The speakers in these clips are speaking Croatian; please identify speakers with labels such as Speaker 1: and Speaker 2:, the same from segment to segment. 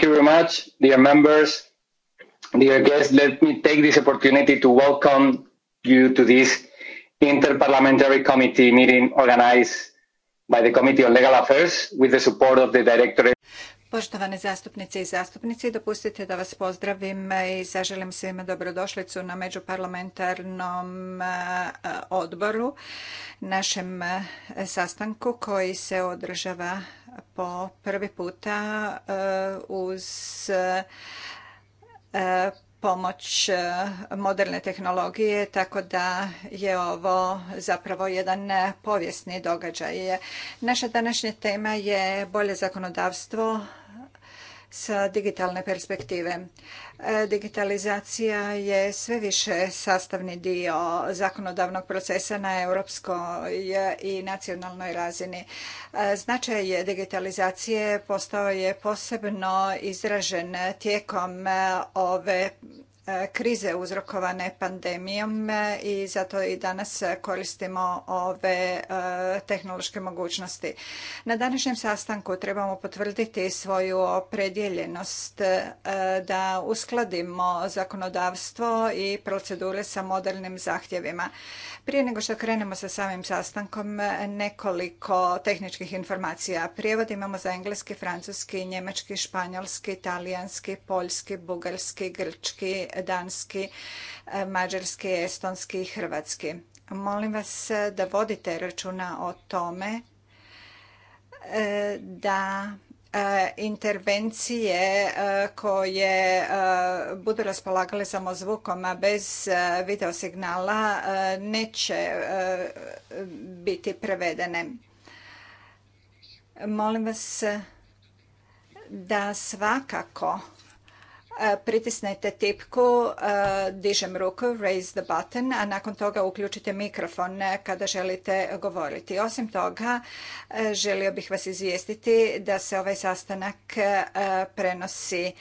Speaker 1: Thank you very much, dear members, dear guests. Let me take this opportunity to welcome you to this Interparliamentary Committee meeting organized by the Committee on Legal Affairs with the support of the Directorate.
Speaker 2: Poštovane zastupnice i zastupnici, dopustite da vas pozdravim i zaželim svima dobrodošlicu na međuparlamentarnom eh, odboru, našem eh, sastanku koji se održava po prvi puta eh, uz pomoć moderne tehnologije, tako da je ovo zapravo jedan povijesni događaj. Naša današnja tema je bolje zakonodavstvo sa digitalne perspektive. E, digitalizacija je sve više sastavni dio zakonodavnog procesa na europskoj i nacionalnoj razini. E, značaj digitalizacije postao je posebno izražen tijekom e, ove E, krize uzrokovane pandemijom e, i zato i danas e, koristimo ove tehnološke mogućnosti. Na današnjem sastanku trebamo potvrditi svoju opredjeljenost da uskladimo zakonodavstvo i procedure sa modernim zahtjevima. Prije nego što krenemo sa samim sastankom, nekoliko tehničkih informacija. Prijevod imamo za engleski, francuski, njemački, španjolski, talijanski, poljski, bugarski, grčki, danski, e, mađarski, estonski i hrvatski. Molim vas da vodite računa o tome e, da e, intervencije koje budu raspolagale samo zvukom, a bez videosignala neće biti prevedene. Molim vas da svakako E, pritisnete tipku e, dižem ruku, raise the button, a nakon toga uključite mikrofon kada želite govoriti. Osim toga, e, želio bih vas izvijestiti da se ovaj sastanak prenosi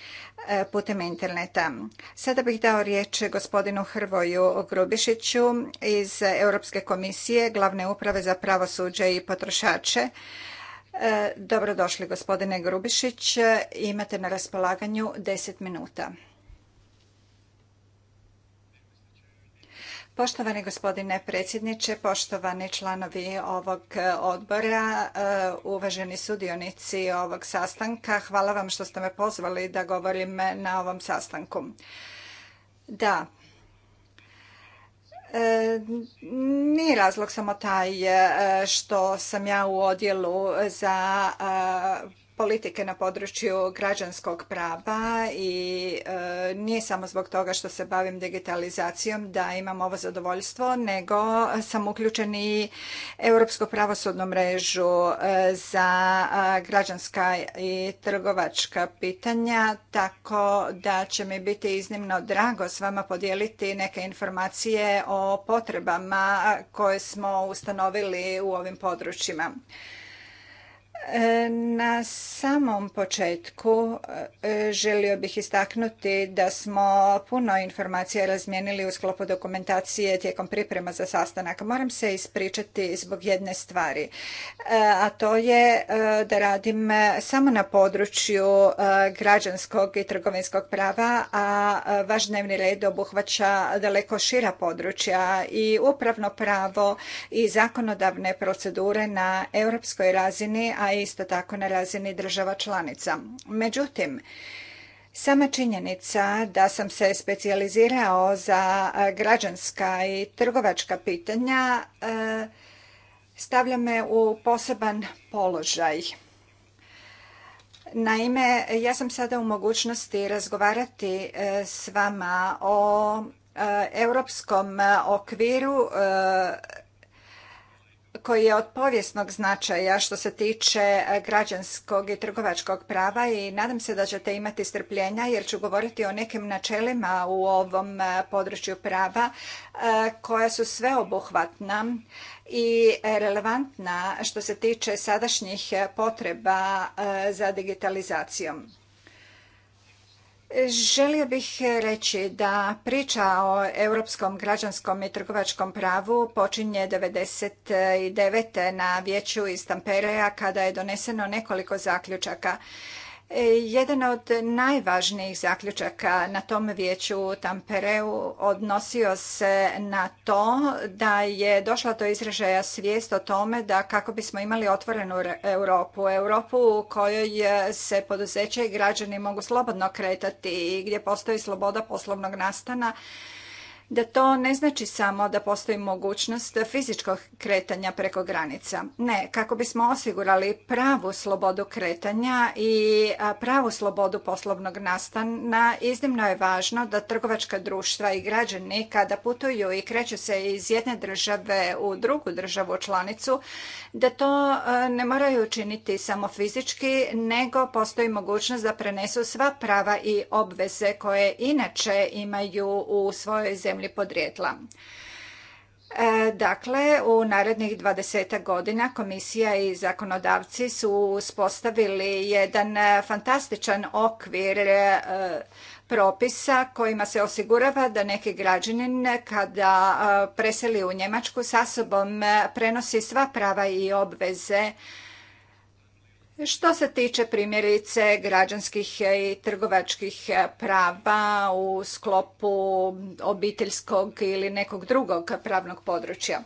Speaker 2: putem interneta. Sada bih dao riječ gospodinu Hrvoju Grubišiću iz Europske komisije, glavne uprave za pravosuđe i potrošače. E, dobrodošli gospodine Grubišić. E, imate na raspolaganju 10 minuta. Poštovani gospodine predsjedniče, poštovani članovi ovog odbora, e, uvaženi sudionici ovog sastanka, hvala vam što ste me pozvali da govorim na ovom sastanku. Da, E, nije razlog samo taj e, što sam ja u odjelu za e, politike na području građanskog prava i e, nije samo zbog toga što se bavim digitalizacijom da imam ovo zadovoljstvo, nego sam uključen i Europsku pravosudnu mrežu e, za građanska i trgovačka pitanja, tako da će mi biti iznimno drago s vama podijeliti neke informacije o potrebama koje smo ustanovili u ovim područjima. E, na samom početku e, želio bih istaknuti da smo puno informacija razmijenili u sklopu dokumentacije tijekom priprema za sastanak. Moram se ispričati zbog jedne stvari, e, a to je da radim samo na području građanskog i trgovinskog prava, a vaš dnevni red obuhvaća daleko šira područja i upravno pravo i zakonodavne procedure na europskoj razini, a isto tako na razini država članica. Međutim, Sama činjenica da sam se specijalizirao za građanska i trgovačka pitanja e, stavlja me u poseban položaj. Naime, ja sam sada u mogućnosti razgovarati e, s vama o e, europskom okviru koji je od povijesnog značaja što se tiče e, građanskog i trgovačkog prava i nadam se da ćete imati strpljenja jer ću govoriti o nekim načelima u ovom e, području prava e, koja su sveobuhvatna i relevantna što se tiče sadašnjih potreba za digitalizacijom. Želio bih reći da priča o europskom građanskom i trgovačkom pravu počinje 1999. na vijeću iz Tamperea kada je doneseno nekoliko zaključaka. Jedan od najvažnijih zaključaka na tom vijeću u Tampereu odnosio se na to da je došla do izražaja svijest o tome da kako bismo imali otvorenu Europu, Europu u kojoj se poduzeće i građani mogu slobodno kretati i gdje postoji sloboda poslovnog nastana, da to ne znači samo da postoji mogućnost fizičkog kretanja preko granica. Ne, kako bismo osigurali pravu slobodu kretanja i pravu slobodu poslovnog nastana, iznimno je važno da trgovačka društva i građani kada putuju i kreću se iz jedne države u drugu državu članicu, da to ne moraju učiniti samo fizički, nego postoji mogućnost da prenesu sva prava i obveze koje inače imaju u svojoj zemlji zemlji podrijetla. E, dakle, u narednih 20 godina komisija i zakonodavci su uspostavili jedan e, fantastičan okvir e, propisa kojima se osigurava da neki građanin kada preseli u Njemačku sa sobom prenosi sva prava i obveze što se tiče primjerice građanskih i trgovačkih prava u sklopu obiteljskog ili nekog drugog pravnog područja.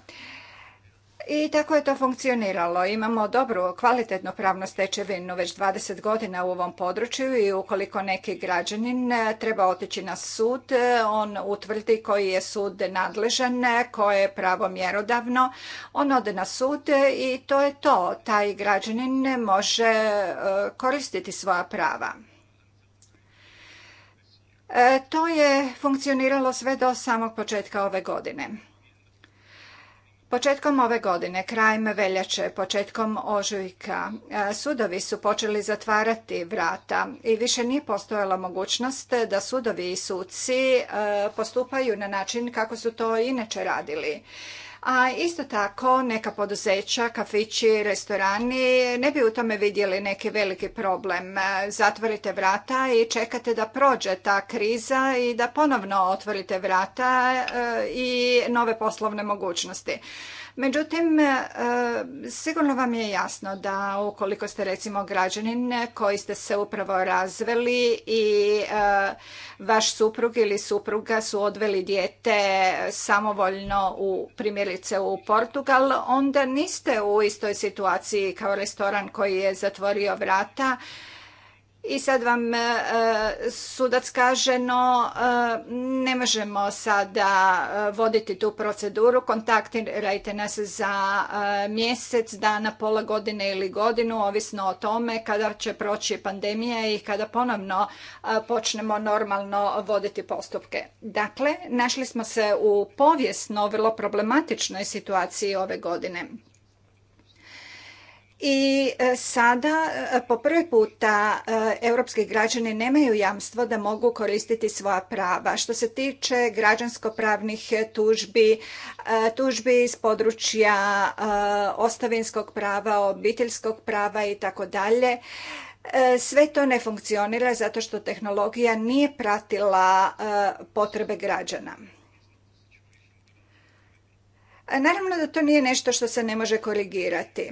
Speaker 2: I tako je to funkcioniralo. Imamo dobru, kvalitetnu pravnu stečevinu već 20 godina u ovom području i ukoliko neki građanin e, treba otići na sud, e, on utvrdi koji je sud nadležan, e, koje je pravo mjerodavno, on ode na sud i to je to. Taj građanin može koristiti svoja prava. To je funkcioniralo sve do samog početka ove godine. Početkom ove godine, krajem veljače, početkom ožujka, e, sudovi su počeli zatvarati vrata i više nije postojala mogućnost da sudovi i suci e, postupaju na način kako su to inače radili. A isto tako neka poduzeća, kafići, restorani ne bi u tome vidjeli neki veliki problem. Zatvorite vrata i čekate da prođe ta kriza i da ponovno otvorite vrata e, i nove poslovne mogućnosti. Međutim, e, sigurno vam je jasno da ukoliko ste recimo građanin koji ste se upravo razveli i e, vaš suprug ili supruga su odveli dijete samovoljno u primjerice u Portugal, onda niste u istoj situaciji kao restoran koji je zatvorio vrata i sad vam e, e, sudac kaže no e, ne možemo sada voditi tu proceduru, kontaktirajte nas za mjesec, dana, pola godine ili godinu, ovisno o tome kada će proći pandemija i kada ponovno počnemo normalno voditi postupke. Dakle, našli smo se u povijesno vrlo problematičnoj situaciji ove godine i e, sada e, po prvi puta e, europski građani nemaju jamstvo da mogu koristiti svoja prava. Što se tiče građanskopravnih tužbi, tužbi iz područja ostavinskog prava, obiteljskog prava i tako dalje, sve to ne funkcionira zato što tehnologija nije pratila potrebe građana. Naravno da to nije nešto što se ne može korigirati.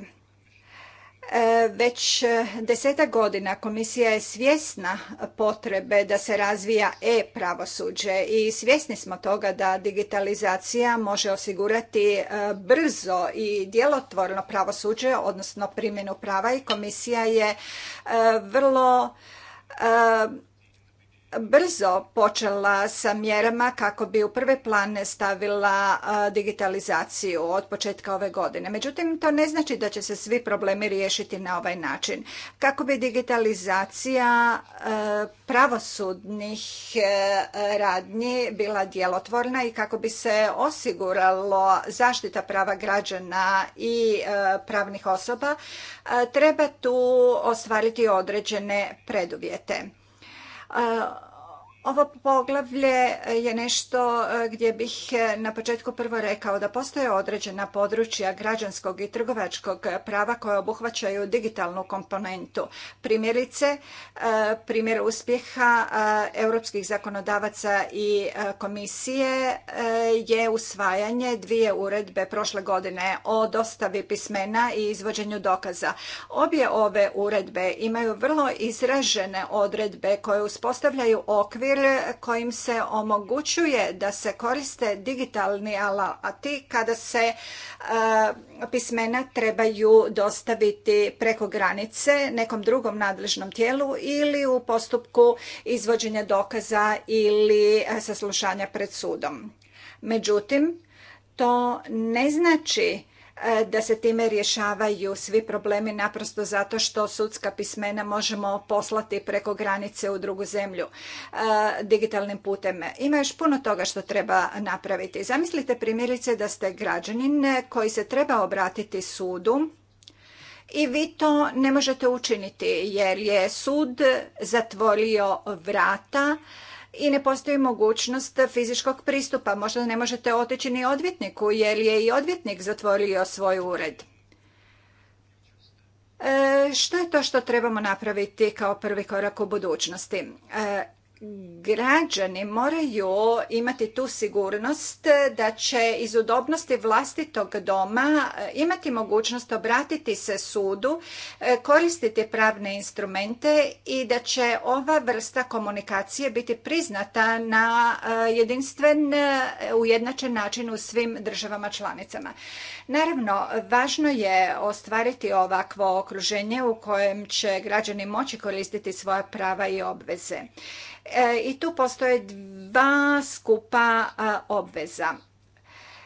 Speaker 2: E, već e, desetak godina komisija je svjesna potrebe da se razvija e-pravosuđe i svjesni smo toga da digitalizacija može osigurati e, brzo i djelotvorno pravosuđe, odnosno primjenu prava i komisija je vrlo brzo počela sa mjerama kako bi u prve plane stavila digitalizaciju od početka ove godine. Međutim, to ne znači da će se svi problemi riješiti na ovaj način. Kako bi digitalizacija pravosudnih e, radnji bila djelotvorna i kako bi se osiguralo zaštita prava građana i e, pravnih osoba, treba tu ostvariti određene preduvjete a, ovo poglavlje e, je nešto e, gdje bih e, na početku prvo rekao da postoje određena područja građanskog i trgovačkog prava koje obuhvaćaju digitalnu komponentu. Primjerice, primjer uspjeha europskih zakonodavaca i komisije je usvajanje dvije uredbe prošle godine o dostavi pismena i izvođenju dokaza. Obje ove uredbe imaju vrlo izražene odredbe koje uspostavljaju okvir kojim se omogućuje da se koriste digitalni alati kada se e, pismena trebaju dostaviti preko granice nekom drugom nadležnom tijelu ili u postupku izvođenja dokaza ili saslušanja pred sudom. Međutim, to ne znači da se time rješavaju svi problemi naprosto zato što sudska pismena možemo poslati preko granice u drugu zemlju e, digitalnim putem. Ima još puno toga što treba napraviti. Zamislite primjerice da ste građanin koji se treba obratiti sudu i vi to ne možete učiniti jer je sud zatvorio vrata i ne postoji mogućnost fizičkog pristupa. Možda ne možete otići ni odvjetniku jer je i odvjetnik zatvorio svoj ured. E, što je to što trebamo napraviti kao prvi korak u budućnosti? E, građani moraju imati tu sigurnost da će iz udobnosti vlastitog doma e, imati mogućnost obratiti se sudu, e, koristiti pravne instrumente i da će ova vrsta komunikacije biti priznata na e, jedinstven, ujednačen način u svim državama članicama. Naravno, važno je ostvariti ovakvo okruženje u kojem će građani moći koristiti svoja prava i obveze. E, i tu postoje dva skupa obveza.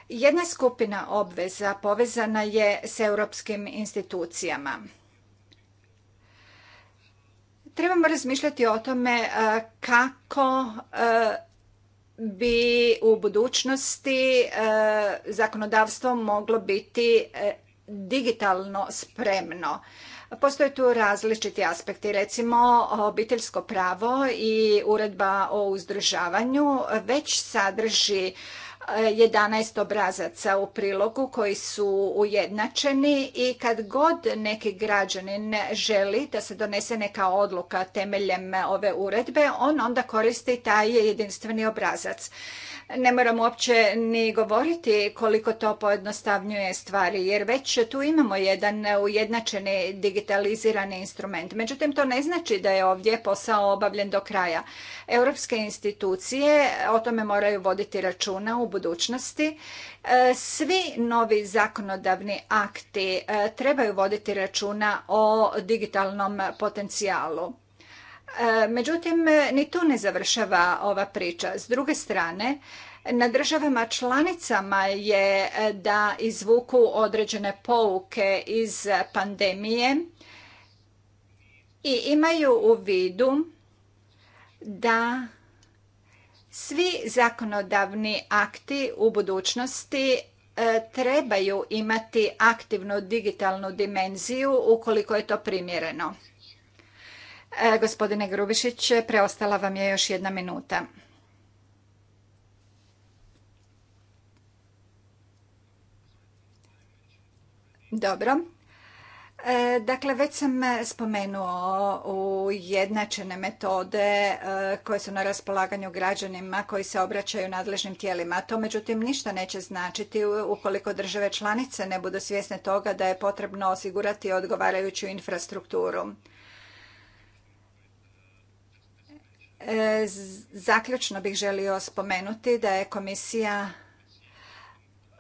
Speaker 2: Jedna skupina obveza povezana je s europskim institucijama. Trebamo razmišljati o tome e, kako e, bi u budućnosti zakonodavstvo moglo biti digitalno spremno Postoje tu različiti aspekti, recimo obiteljsko pravo i uredba o uzdržavanju već sadrži 11 eh, obrazaca u prilogu koji su ujednačeni i kad god neki građanin želi da se donese neka odluka temeljem ove uredbe, on onda koristi taj jedinstveni obrazac. Ne moram uopće ni govoriti koliko to pojednostavnjuje stvari, jer već tu imamo jedan ujednačeni digitalizirani instrument. Međutim, to ne znači da je ovdje posao obavljen do kraja. Europske institucije o tome moraju voditi računa u budućnosti. E, svi novi zakonodavni akti e, trebaju voditi računa o digitalnom potencijalu. E, međutim, ni tu ne završava ova priča. S druge strane, na državama članicama je e, da izvuku određene pouke iz pandemije i imaju u vidu da svi zakonodavni akti u budućnosti e, trebaju imati aktivnu digitalnu dimenziju ukoliko je to primjereno. E, gospodine Grubišić, preostala vam je još jedna minuta. Dobro. E, dakle, već sam spomenuo ujednačene metode e, koje su na raspolaganju građanima koji se obraćaju nadležnim tijelima. To međutim ništa neće značiti ukoliko države članice ne budu svjesne toga da je potrebno osigurati odgovarajuću infrastrukturu. Zaključno bih želio spomenuti da je komisija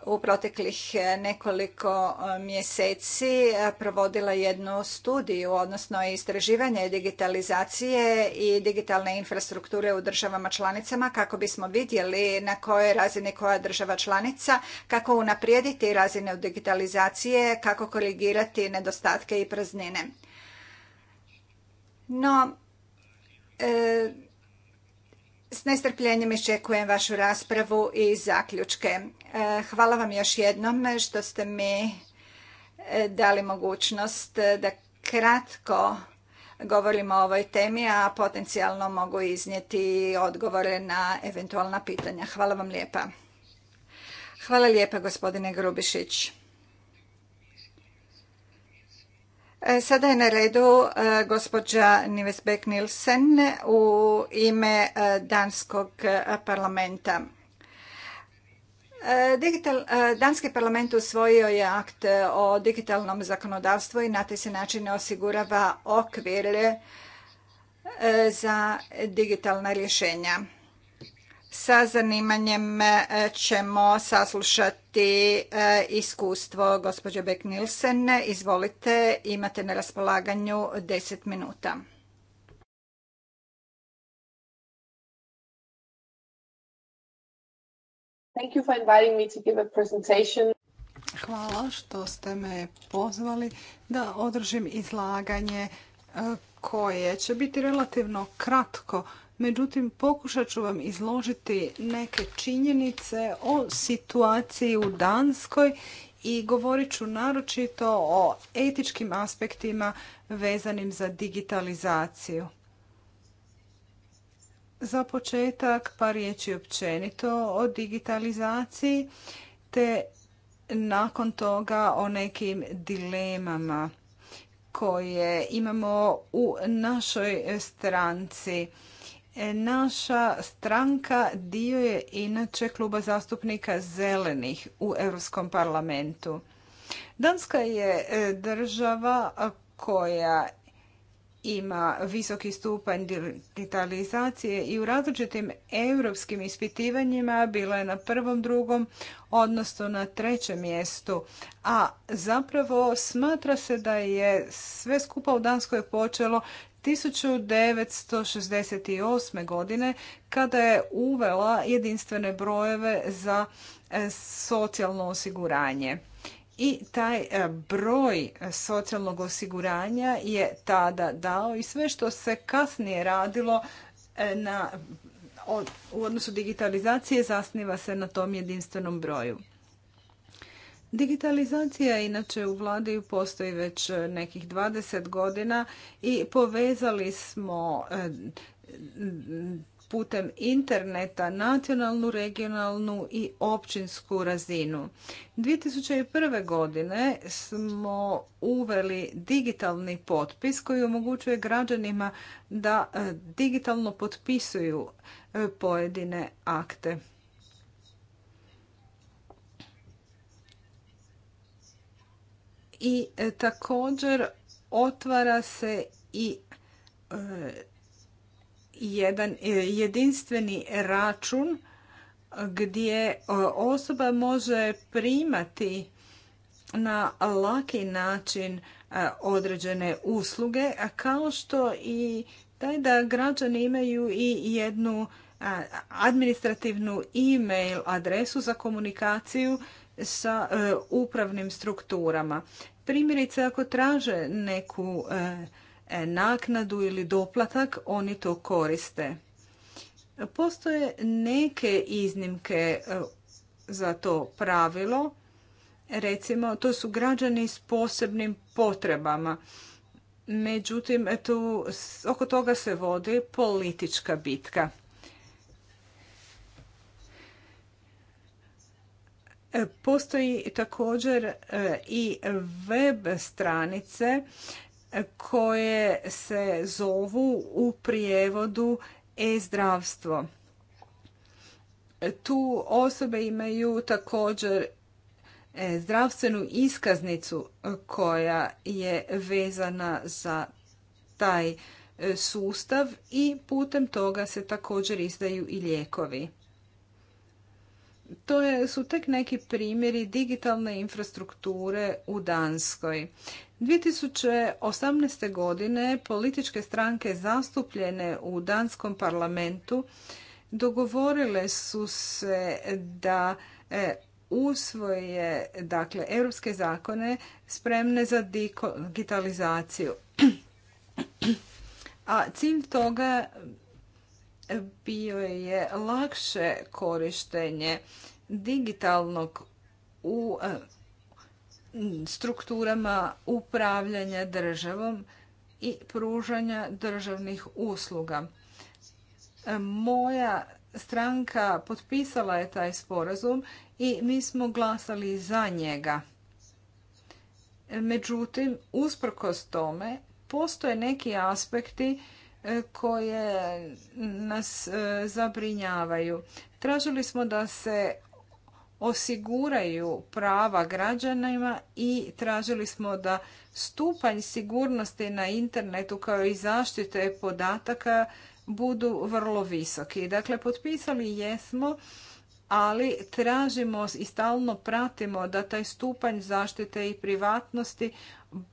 Speaker 2: u proteklih nekoliko mjeseci provodila jednu studiju, odnosno istraživanje digitalizacije i digitalne infrastrukture u državama članicama kako bismo vidjeli na kojoj razini koja država članica, kako unaprijediti razine digitalizacije, kako korigirati nedostatke i praznine. No, e, s nestrpljenjem iščekujem vašu raspravu i zaključke. E, hvala vam još jednom što ste mi e, dali mogućnost e, da kratko govorimo o ovoj temi, a potencijalno mogu iznijeti odgovore na eventualna pitanja. Hvala vam lijepa. Hvala lijepa gospodine Grubišić. E, sada je na redu e, gospođa Nivesbek Nilsen u ime e, Danskog parlamenta. Digital, Danski parlament usvojio je akt o digitalnom zakonodavstvu i na taj se način osigurava okvir za digitalna rješenja. Sa zanimanjem e, ćemo saslušati e, iskustvo gospođe Beck-Nielsen. Izvolite, imate na raspolaganju 10 minuta.
Speaker 1: Thank you for inviting me to give a presentation. Hvala što ste me pozvali da
Speaker 3: održim izlaganje e, koje će biti relativno kratko Međutim, pokušat ću vam izložiti neke činjenice o situaciji u Danskoj i govorit ću naročito o etičkim aspektima vezanim za digitalizaciju. Za početak par riječi općenito o digitalizaciji te nakon toga o nekim dilemama koje imamo u našoj stranci E, naša stranka dio je inače kluba zastupnika zelenih u Europskom parlamentu. Danska je e, država koja ima visoki stupanj digitalizacije i u različitim europskim ispitivanjima bila je na prvom, drugom, odnosno na trećem mjestu. A zapravo smatra se da je sve skupa u Danskoj počelo 1968. godine kada je uvela jedinstvene brojeve za e, socijalno osiguranje. I taj e, broj socijalnog osiguranja je tada dao i sve što se kasnije radilo e, na, u odnosu digitalizacije zasniva se na tom jedinstvenom broju. Digitalizacija inače u vladi postoji već e, nekih 20 godina i povezali smo e, putem interneta nacionalnu, regionalnu i općinsku razinu. 2001. godine smo uveli digitalni potpis koji omogućuje građanima da e, digitalno potpisuju pojedine akte. i e, također otvara se i e, jedan e, jedinstveni račun gdje osoba može primati na laki način određene usluge, kao što i taj da građani imaju i jednu administrativnu e-mail adresu za komunikaciju sa upravnim strukturama. Primjerice, ako traže neku e, naknadu ili doplatak, oni to koriste. Postoje neke iznimke e, za to pravilo. Recimo, to su građani s posebnim potrebama. Međutim, oko toga se vodi politička bitka. Postoji također e, i web stranice e, koje se zovu u prijevodu e-zdravstvo. E, tu osobe imaju također zdravstvenu iskaznicu koja je vezana za taj sustav i putem toga se također izdaju i lijekovi. To je, su tek neki primjeri digitalne infrastrukture u Danskoj. 2018. godine političke stranke zastupljene u Danskom parlamentu dogovorile su se da e, usvoje dakle, europske zakone spremne za digitalizaciju. A cilj toga bio je lakše korištenje digitalnog u e, strukturama upravljanja državom i pružanja državnih usluga. E, moja stranka potpisala je taj sporazum i mi smo glasali za njega. Međutim, usprkos tome, postoje neki aspekti koje nas e, zabrinjavaju. Tražili smo da se osiguraju prava građanima i tražili smo da stupanj sigurnosti na internetu kao i zaštite podataka budu vrlo visoki. Dakle, potpisali jesmo ali tražimo i stalno pratimo da taj stupanj zaštite i privatnosti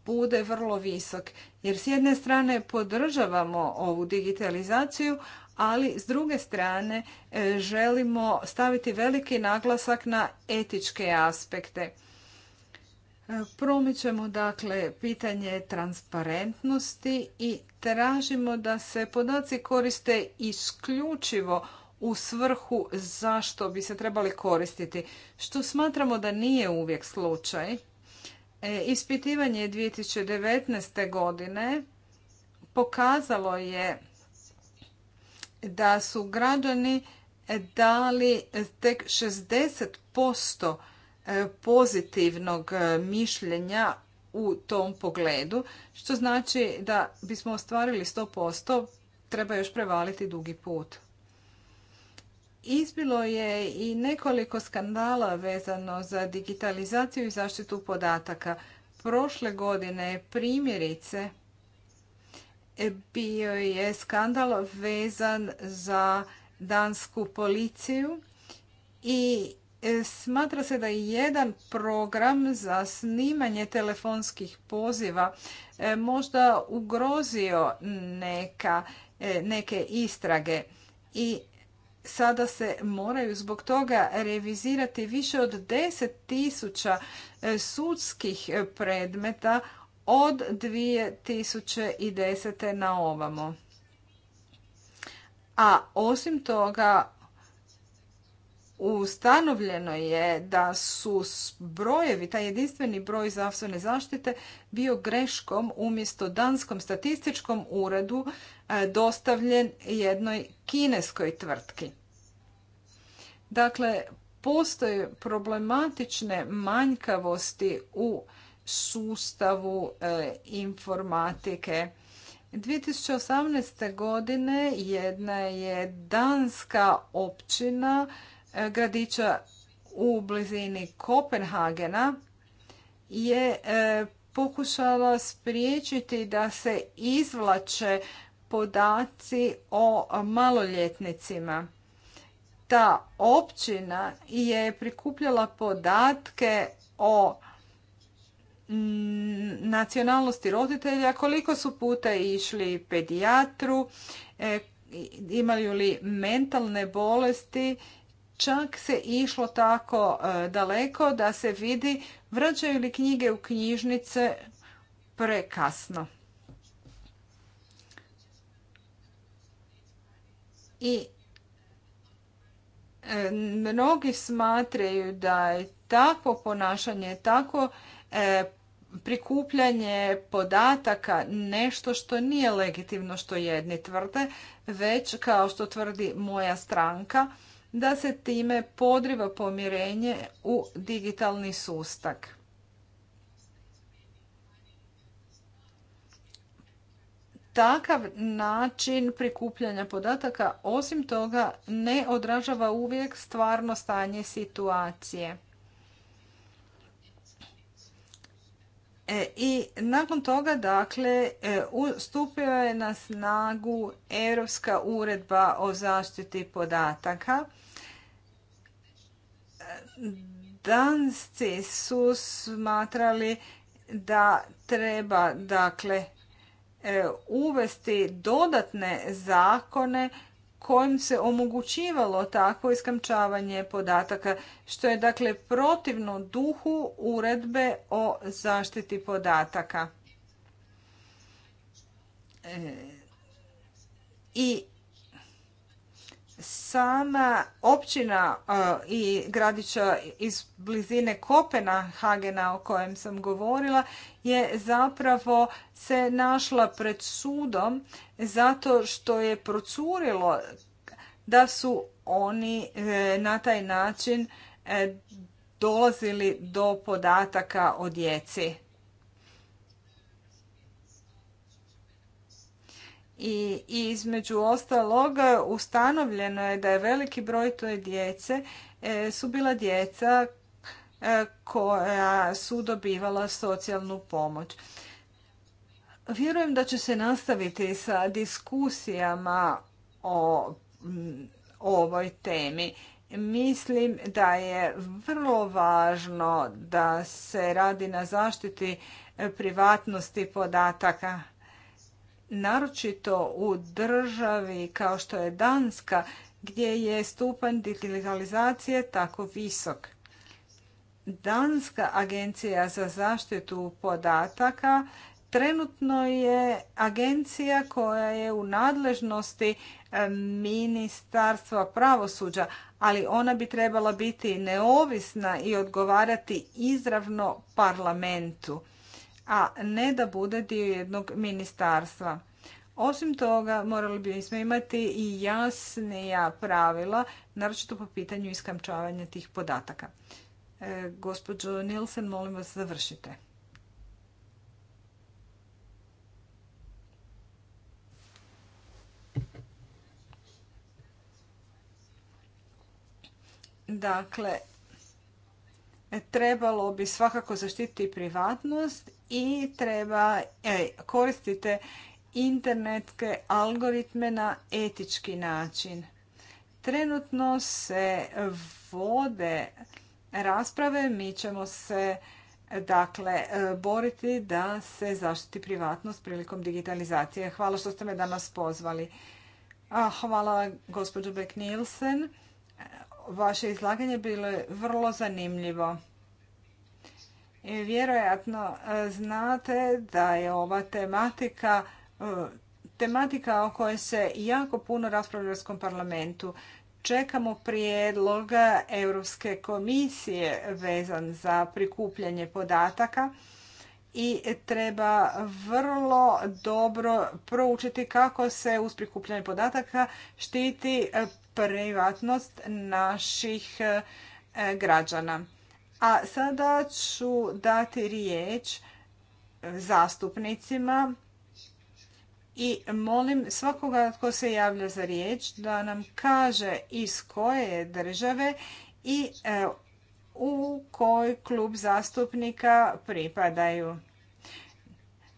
Speaker 3: bude vrlo visok. Jer s jedne strane podržavamo ovu digitalizaciju, ali s druge strane e, želimo staviti veliki naglasak na etičke aspekte. E, Promićemo dakle pitanje transparentnosti i tražimo da se podaci koriste isključivo u svrhu zašto bi se trebali koristiti, što smatramo da nije uvijek slučaj. E, ispitivanje 2019. godine pokazalo je da su građani dali tek 60% e, pozitivnog e, mišljenja u tom pogledu, što znači da bismo ostvarili 100%, treba još prevaliti dugi put. Izbilo je i nekoliko skandala vezano za digitalizaciju i zaštitu podataka. Prošle godine primjerice bio je skandal vezan za dansku policiju i e, smatra se da je jedan program za snimanje telefonskih poziva e, možda ugrozio neka, e, neke istrage i sada se moraju zbog toga revizirati više od 10.000 e, sudskih e, predmeta od 2010. na ovamo. A osim toga, ustanovljeno je da su brojevi, taj jedinstveni broj zdravstvene zaštite bio greškom umjesto danskom statističkom uredu E, dostavljen jednoj kineskoj tvrtki. Dakle, postoje problematične manjkavosti u sustavu e, informatike. 2018. godine jedna je danska općina e, gradića u blizini Kopenhagena je pokušala spriječiti da se izvlače podaci o maloljetnicima. Ta općina je prikupljala podatke o nacionalnosti roditelja, koliko su puta išli pedijatru, e, imaju li mentalne bolesti, čak se išlo tako e, daleko da se vidi vraćaju li knjige u knjižnice prekasno. I e, mnogi smatraju da je takvo ponašanje, tako e, prikupljanje podataka nešto što nije legitimno što jedni tvrde, već kao što tvrdi moja stranka, da se time podriva pomirenje u digitalni sustak. takav način prikupljanja podataka osim toga ne odražava uvijek stvarno stanje situacije. E, I nakon toga, dakle, e, stupio je na snagu Europska uredba o zaštiti podataka. Danci su smatrali da treba, dakle, E, uvesti dodatne zakone kojim se omogućivalo takvo iskamčavanje podataka, što je dakle protivno duhu uredbe o zaštiti podataka. E, I sama općina i gradića iz blizine Kopenhagena o kojem sam govorila je zapravo se našla pred sudom zato što je procurilo da su oni e, na taj način e, dolazili do podataka o djeci. i između ostalog ustanovljeno je da je veliki broj toj djece e, su bila djeca e, koja su dobivala socijalnu pomoć. Vjerujem da će se nastaviti sa diskusijama o ovoj temi. Mislim da je vrlo važno da se radi na zaštiti privatnosti podataka naročito u državi kao što je Danska, gdje je stupanj digitalizacije tako visok. Danska agencija za zaštitu podataka trenutno je agencija koja je u nadležnosti e, ministarstva pravosuđa, ali ona bi trebala biti neovisna i odgovarati izravno parlamentu a ne da bude dio jednog ministarstva. Osim toga, morali bismo imati i jasnija pravila, naročito po pitanju iskamčavanja tih podataka. E, gospođo Nilsen, molim vas, završite. Dakle, trebalo bi svakako zaštititi privatnost i treba e, koristite internetske algoritme na etički način. Trenutno se vode rasprave, mi ćemo se dakle e, boriti da se zaštiti privatnost prilikom digitalizacije. Hvala što ste me danas pozvali. Hvala gospođo Beck Nielsen. Vaše izlaganje bilo je vrlo zanimljivo. Vjerojatno e, znate da je ova tematika e, tematika o kojoj se jako puno raspravlja u Europskom parlamentu. Čekamo prijedloga Europske komisije vezan za prikupljanje podataka i treba vrlo dobro proučiti kako se uz prikupljanje podataka štiti privatnost naših e, građana. A sada ću dati riječ zastupnicima i molim svakoga tko se javlja za riječ da nam kaže iz koje je države i e, u koji klub zastupnika pripadaju.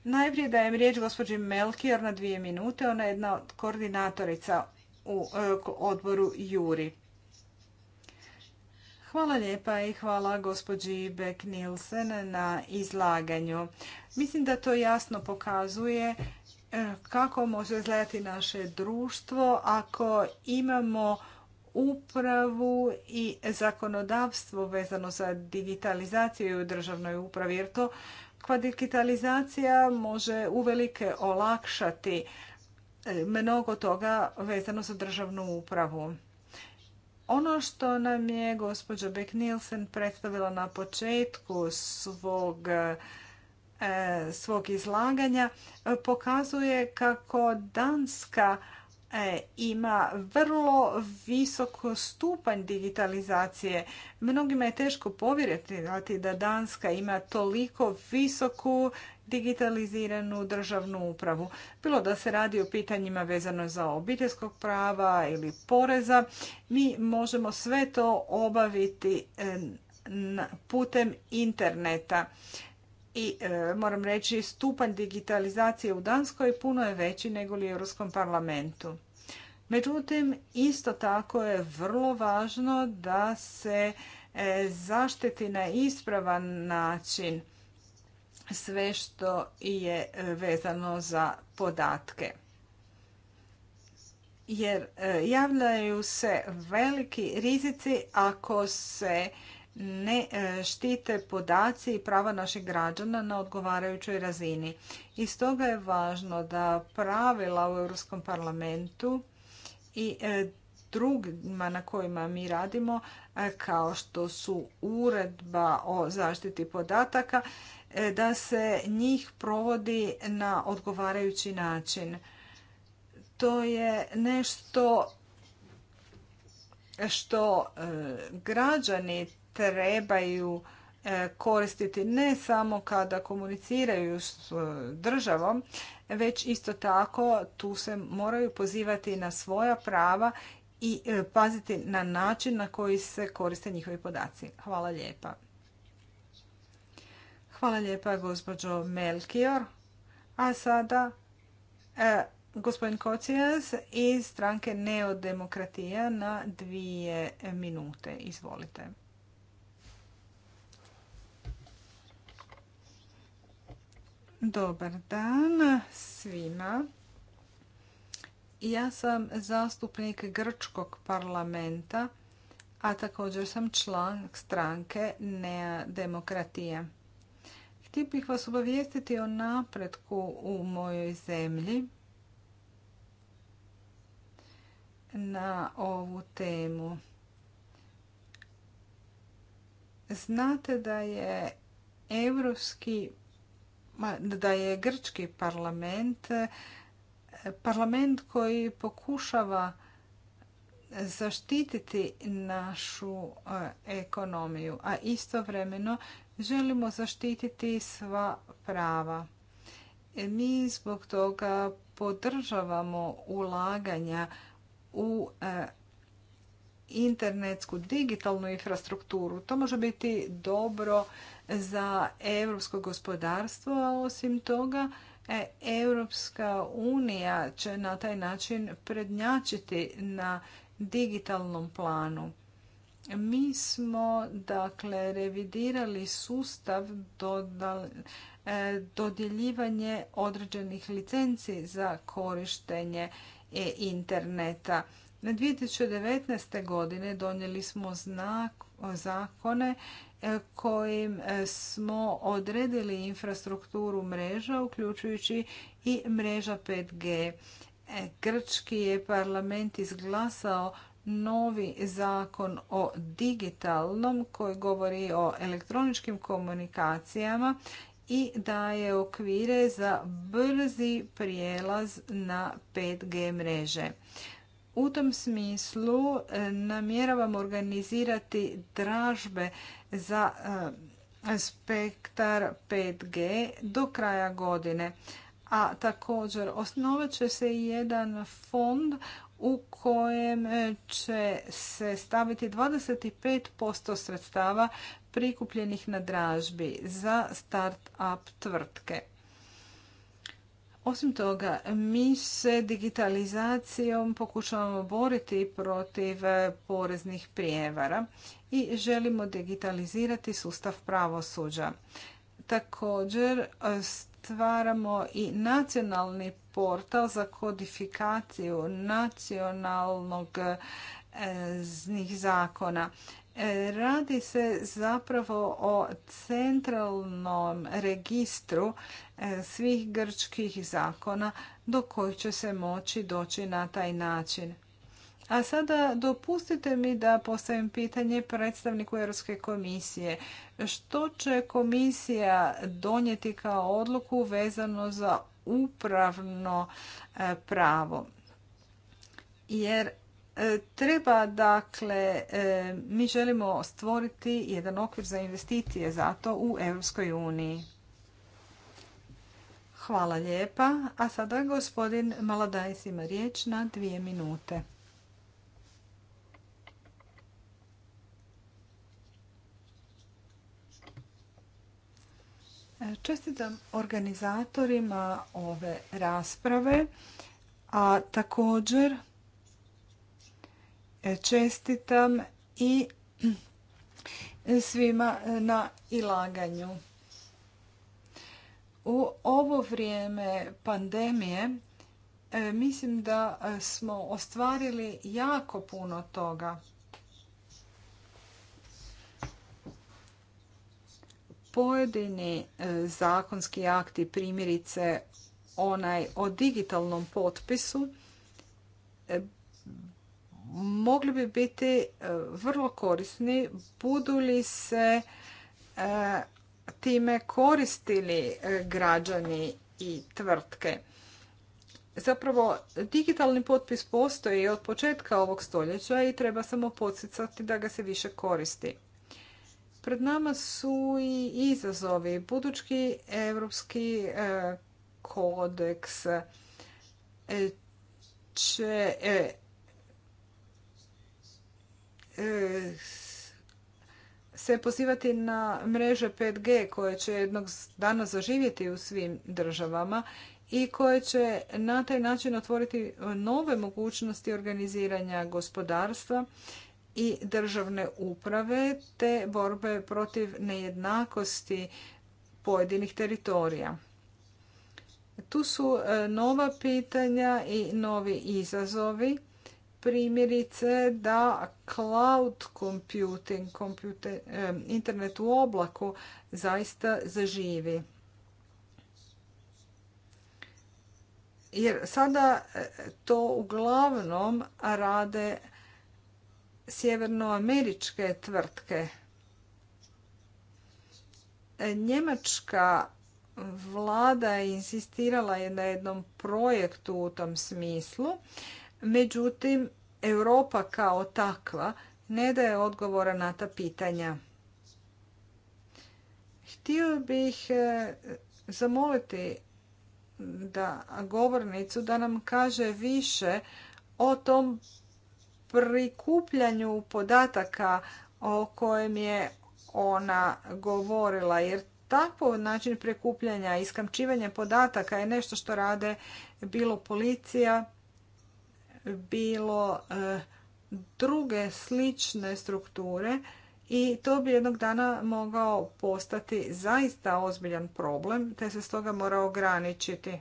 Speaker 3: Najprije dajem riječ gospođi Melkior na dvije minute. Ona je jedna od koordinatorica u e, odboru Juri. Hvala lijepa i hvala gospođi Beck Nielsen na izlaganju. Mislim da to jasno pokazuje e, kako može izgledati naše društvo ako imamo upravu i zakonodavstvo vezano za digitalizaciju u državnoj upravi, jer to kva digitalizacija može uvelike olakšati E, mnogo toga vezano za državnu upravu. Ono što nam je gospođa Beck-Nielsen predstavila na početku svog e, svog izlaganja e, pokazuje kako Danska ima vrlo visok stupanj digitalizacije. Mnogima je teško povjeriti da Danska ima toliko visoku digitaliziranu državnu upravu. Bilo da se radi o pitanjima vezano za obiteljskog prava ili poreza, mi možemo sve to obaviti e, putem interneta. I e, moram reći, stupanj digitalizacije u Danskoj puno je veći nego li u Europskom parlamentu. Međutim, isto tako je vrlo važno da se e, zaštiti na ispravan način sve što je e, vezano za podatke. Jer e, javljaju se veliki rizici ako se ne e, štite podaci i prava naših građana na odgovarajućoj razini. I stoga je važno da pravila u Europskom parlamentu i drugima na kojima mi radimo, kao što su uredba o zaštiti podataka, da se njih provodi na odgovarajući način. To je nešto što e, građani trebaju e, koristiti ne samo kada komuniciraju s e, državom, već isto tako tu se moraju pozivati na svoja prava i paziti na način na koji se koriste njihovi podaci. Hvala lijepa. Hvala lijepa gospođo Melkior. A sada e, gospodin iz stranke Neodemokratija na dvije minute. Izvolite. Dobar dan svima. Ja sam zastupnik Grčkog parlamenta, a također sam član stranke Nea ti bih vas obavijestiti o napretku u mojoj zemlji na ovu temu. Znate da je Europski, da je Grčki parlament parlament koji pokušava zaštititi našu e, ekonomiju, a istovremeno želimo zaštititi sva prava. E, mi zbog toga podržavamo ulaganja u e, internetsku digitalnu infrastrukturu. To može biti dobro za europsko gospodarstvo, a osim toga Europska unija će na taj način prednjačiti na digitalnom planu. Mi smo dakle revidirali sustav e, dodjeljivanje određenih licenci za korištenje interneta. Na 2019. godine donijeli smo znak, zakone e, kojim e, smo odredili infrastrukturu mreža, uključujući i mreža 5G. Grčki je parlament izglasao novi zakon o digitalnom koji govori o elektroničkim komunikacijama i daje okvire za brzi prijelaz na 5G mreže. U tom smislu e, namjeravamo organizirati dražbe za e, spektar 5G do kraja godine. A također osnovat će se i jedan fond u kojem e, će se staviti 25% sredstava prikupljenih na dražbi za start-up tvrtke. Osim toga, mi se digitalizacijom pokušavamo boriti protiv e, poreznih prijevara i želimo digitalizirati sustav pravosuđa. Također, otvaramo i nacionalni portal za kodifikaciju nacionalnog e, zakona. E, radi se zapravo o centralnom registru e, svih grčkih zakona do kojih će se moći doći na taj način. A sada dopustite mi da postavim pitanje predstavniku Europske komisije. Što će komisija donijeti kao odluku vezano za upravno e, pravo? Jer e, treba, dakle, e, mi želimo stvoriti jedan okvir za investicije za to u Europskoj uniji. Hvala lijepa. A sada gospodin Maladajs ima riječ na dvije minute. Čestitam organizatorima ove rasprave, a također e, čestitam i svima na ilaganju. U ovo vrijeme pandemije e, mislim da smo ostvarili jako puno toga. pojedini e, zakonski akti, primjerice onaj o digitalnom potpisu, e, mogli bi biti e, vrlo korisni budu li se time koristili građani i tvrtke. Zapravo, digitalni potpis postoji od početka ovog stoljeća i treba samo podsjecati da ga se više koristi. Pred nama su i izazovi. Budući europski e, kodeks e, će e, se pozivati na mreže 5G koje će jednog dana zaživjeti u svim državama i koje će na taj način otvoriti nove mogućnosti organiziranja gospodarstva i državne uprave te borbe protiv nejednakosti pojedinih teritorija. Tu su e, nova pitanja i novi izazovi. Primjerice da cloud computing, computer, e, internet u oblaku zaista zaživi. Jer sada e, to uglavnom rade sjevernoameričke tvrtke. E, njemačka vlada je insistirala na jednom projektu u tom smislu, međutim Europa kao takva ne daje odgovora na ta pitanja. Htio bih e, zamoliti da govornicu da nam kaže više o tom prikupljanju podataka o kojem je ona govorila, jer takav način prikupljanja, i iskamčivanja podataka je nešto što rade bilo policija, bilo e, druge slične strukture i to bi jednog dana mogao postati zaista ozbiljan problem, te se stoga mora ograničiti.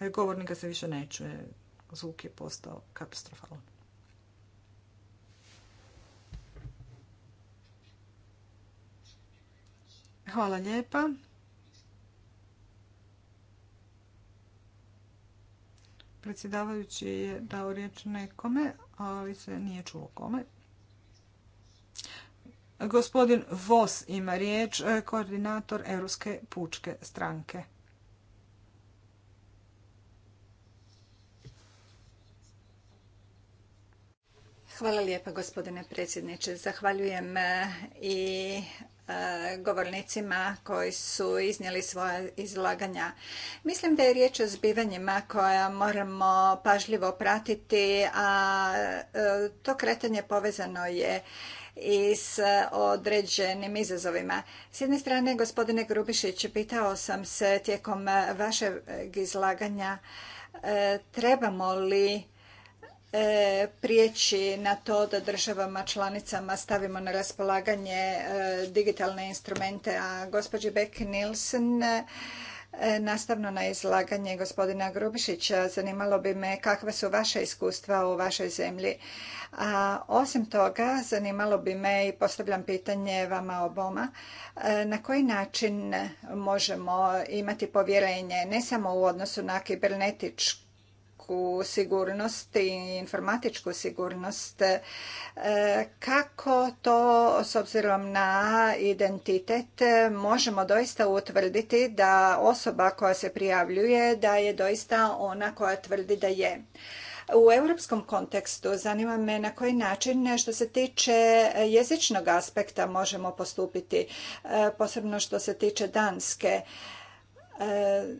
Speaker 3: E, govornika se više ne čuje zvuk je postao katastrofalan. Hvala lijepa. Predsjedavajući je dao riječ nekome, ali se nije čuo kome. Gospodin Vos ima riječ, koordinator Europske pučke stranke.
Speaker 2: Hvala lijepa gospodine predsjedniče. Zahvaljujem e, i e, govornicima koji su iznijeli svoja izlaganja. Mislim da je riječ o zbivanjima koja moramo pažljivo pratiti, a e, to kretanje povezano je i s određenim izazovima. S jedne strane, gospodine Grubišić, pitao sam se tijekom vašeg izlaganja trebamo li E, prijeći na to da državama članicama stavimo na raspolaganje e, digitalne instrumente. A gospođi Beck Nielsen, e, nastavno na izlaganje gospodina Grubišića, zanimalo bi me kakva su vaša iskustva u vašoj zemlji. A osim toga, zanimalo bi me i postavljam pitanje vama oboma, na koji način možemo imati povjerenje ne samo u odnosu na kibernetičku kibernetičku sigurnost i informatičku sigurnost. E, kako to, s obzirom na identitet, možemo doista utvrditi da osoba koja se prijavljuje da je doista ona koja tvrdi da je? U europskom kontekstu zanima me na koji način što se tiče jezičnog aspekta možemo postupiti, e, posebno što se tiče Danske e,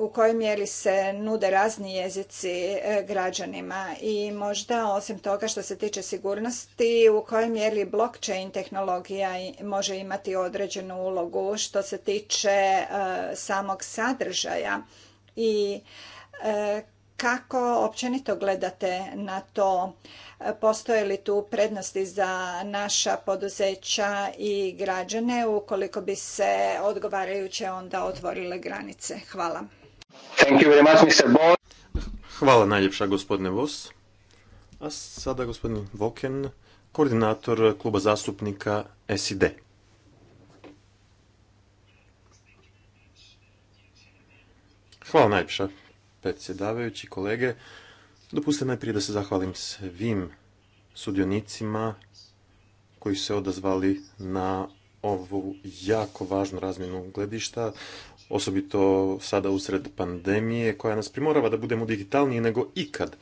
Speaker 2: u kojoj mjeri se nude razni jezici e, građanima i možda osim toga što se tiče sigurnosti u kojoj mjeri blockchain tehnologija može imati određenu ulogu što se tiče e, samog sadržaja i e, kako općenito gledate na to? Postoje li tu prednosti za naša poduzeća i građane ukoliko bi se odgovarajuće onda otvorile granice? Hvala. Thank you very much, Mr.
Speaker 4: Hvala najljepša gospodine Vos. A sada gospodin Voken, koordinator kluba zastupnika SID. Hvala najljepša predsjedavajući kolege. Dopustite najprije da se zahvalim svim sudionicima koji su se odazvali na ovu jako važnu razmjenu gledišta osobito sada usred pandemije koja nas primorava da budemo digitalniji nego ikad.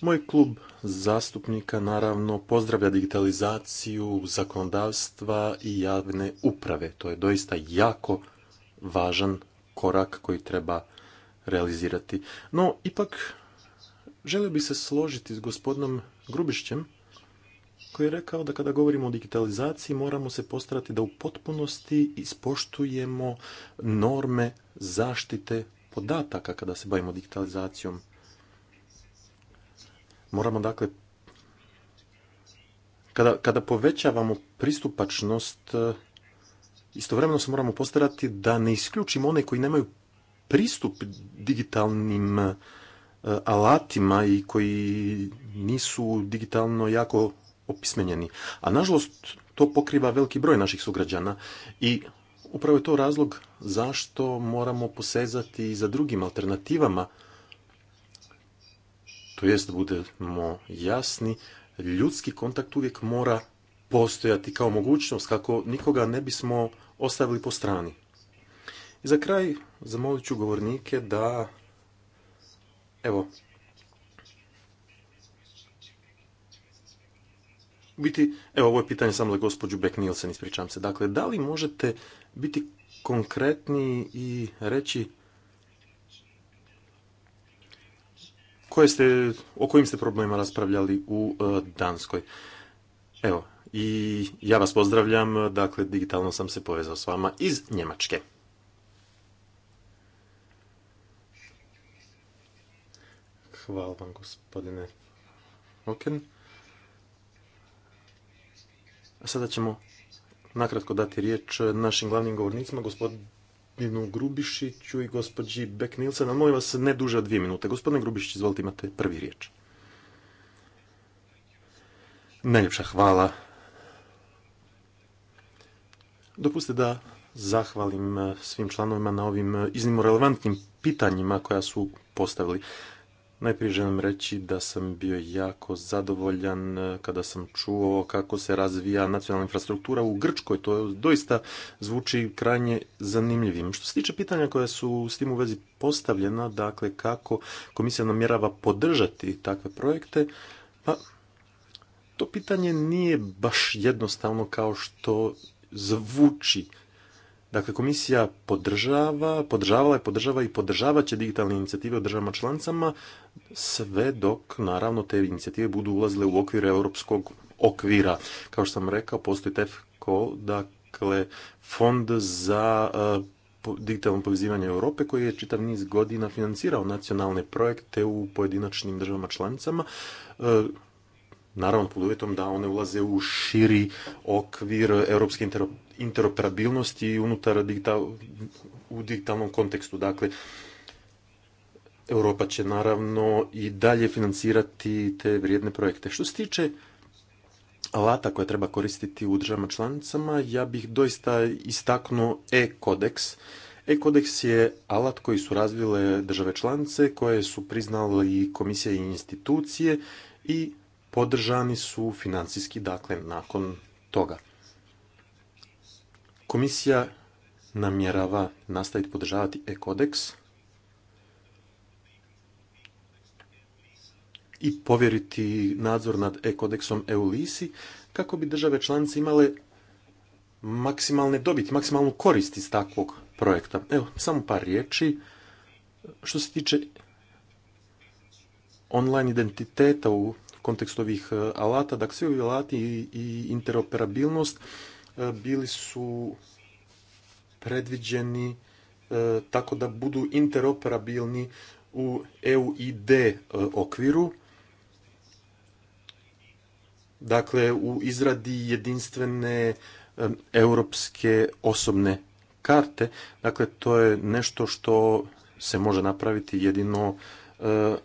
Speaker 4: Moj klub zastupnika naravno pozdravlja digitalizaciju zakonodavstva i javne uprave. To je doista jako važan korak koji treba realizirati. No, ipak želio bih se složiti s gospodinom Grubišćem koji je rekao da kada govorimo o digitalizaciji moramo se postarati da u potpunosti ispoštujemo norme zaštite podataka kada se bavimo digitalizacijom. Moramo dakle kada, kada povećavamo pristupačnost istovremeno se moramo postarati da ne isključimo one koji nemaju pristup digitalnim eh, alatima i koji nisu digitalno jako opismenjeni. A nažalost, to pokriva veliki broj naših sugrađana i upravo je to razlog zašto moramo posezati i za drugim alternativama, to jest da budemo jasni, ljudski kontakt uvijek mora postojati kao mogućnost kako nikoga ne bismo ostavili po strani. I za kraj zamolit ću govornike da evo biti, evo ovo je pitanje samo za gospođu Beck Nielsen, ispričam se. Dakle, da li možete biti konkretni i reći koje ste, o kojim ste problemima raspravljali u e, Danskoj? Evo, i ja vas pozdravljam, dakle, digitalno sam se povezao s vama iz Njemačke. Hvala vam, gospodine Oken. Sada ćemo nakratko dati riječ našim glavnim govornicima, gospodinu Grubišiću i gospođi Beck Nilsen, molim vas ne duže od dvije minute. Gospodine Grubišić, izvolite, imate prvi riječ. Najljepša hvala. Dopustite da zahvalim eh, svim članovima na ovim eh, iznimno relevantnim pitanjima koja su postavili. Najprije želim reći da sam bio jako zadovoljan e, kada sam čuo kako se razvija nacionalna infrastruktura u Grčkoj. To doista zvuči krajnje zanimljivim. Što se tiče pitanja koja su s tim u vezi postavljena, dakle kako komisija namjerava podržati takve projekte, pa to pitanje nije baš jednostavno kao što zvuči Dakle, komisija podržava, podržavala je, podržava i podržavat će digitalne inicijative u državama članicama sve dok, naravno, te inicijative budu ulazile u okvire europskog okvira. Kao što sam rekao, postoji TEFCO, dakle, fond za e, digitalno povezivanje Europe koji je čitav niz godina financirao nacionalne projekte u pojedinačnim državama članicama e, naravno pod uvjetom da one ulaze u širi okvir europske interoperabilnosti unutar digital, u digitalnom kontekstu. Dakle, Europa će naravno i dalje financirati te vrijedne projekte. Što se tiče alata koje treba koristiti u državama članicama, ja bih doista istaknuo e-kodeks. E-kodeks je alat koji su razvile države članice, koje su priznali i komisije i institucije i podržani su financijski, dakle, nakon toga. Komisija namjerava nastaviti podržavati e-kodeks i povjeriti nadzor nad e-kodeksom lisi kako bi države članice imale maksimalne dobiti, maksimalnu korist iz takvog projekta. Evo, samo par riječi. Što se tiče online identiteta u kontekstu ovih e, alata, dakle svi ovi alati i interoperabilnost E, bili su predviđeni e, tako da budu interoperabilni u EUID e, okviru. Dakle, u izradi jedinstvene europske osobne karte. Dakle, to je nešto što se može napraviti jedino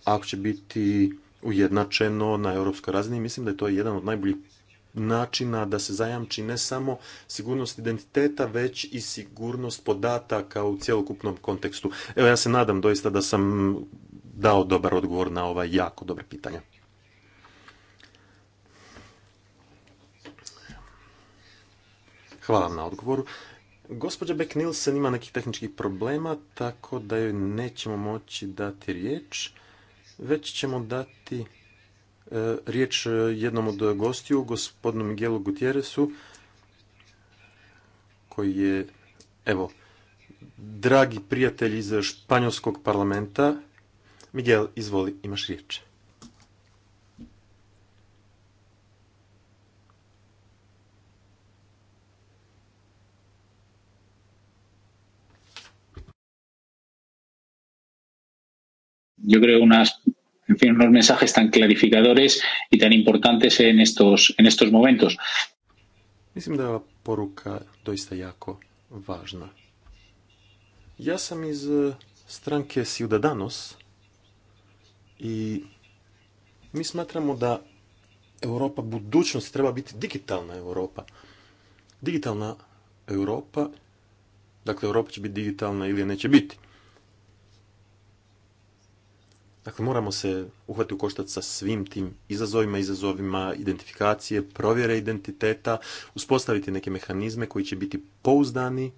Speaker 4: ako će biti ujednačeno na europskoj razini. Mislim da je to jedan od najboljih načina da se zajamči ne samo sigurnost identiteta, već i sigurnost podataka u cjelokupnom kontekstu. Evo, ja se nadam doista da sam dao dobar odgovor na ova jako dobra pitanja. Hvala vam na odgovoru. Gospođa Beck Nielsen ima nekih tehničkih problema, tako da joj nećemo moći dati riječ, već ćemo dati E, riječ e, jednom od gostiju, gospodinu Miguelu Gutjeresu, koji je, evo, dragi prijatelj iz Španjolskog parlamenta. Miguel, izvoli, imaš riječ.
Speaker 1: Yo creo unas en fin, tan clarificadores y tan importantes en estos, en estos momentos.
Speaker 4: Mislim da je ova poruka doista jako važna. Ja sam iz eh, stranke Ciudadanos i mi smatramo da Europa budućnosti treba biti digitalna Europa. Digitalna Europa, dakle Europa će biti digitalna ili neće biti. Dakle, moramo se uhvati u koštac sa svim tim izazovima, izazovima identifikacije, provjere identiteta, uspostaviti neke mehanizme koji će biti pouzdani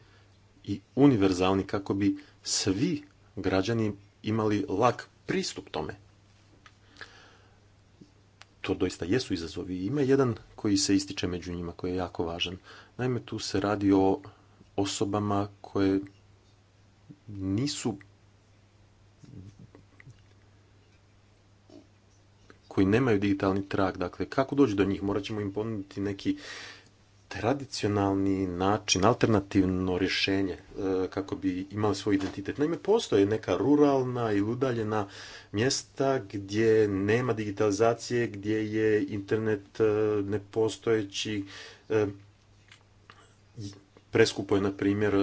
Speaker 4: i univerzalni kako bi svi građani imali lak pristup tome. To doista jesu izazovi. Ima jedan koji se ističe među njima, koji je jako važan. Naime, tu se radi o osobama koje nisu koji nemaju digitalni trag. Dakle, kako doći do njih? Morat ćemo im ponuditi neki tradicionalni način, alternativno rješenje e, kako bi imali svoj identitet. Naime, postoje neka ruralna i udaljena mjesta gdje nema digitalizacije, gdje je internet e, nepostojeći, e, preskupo je, na primjer,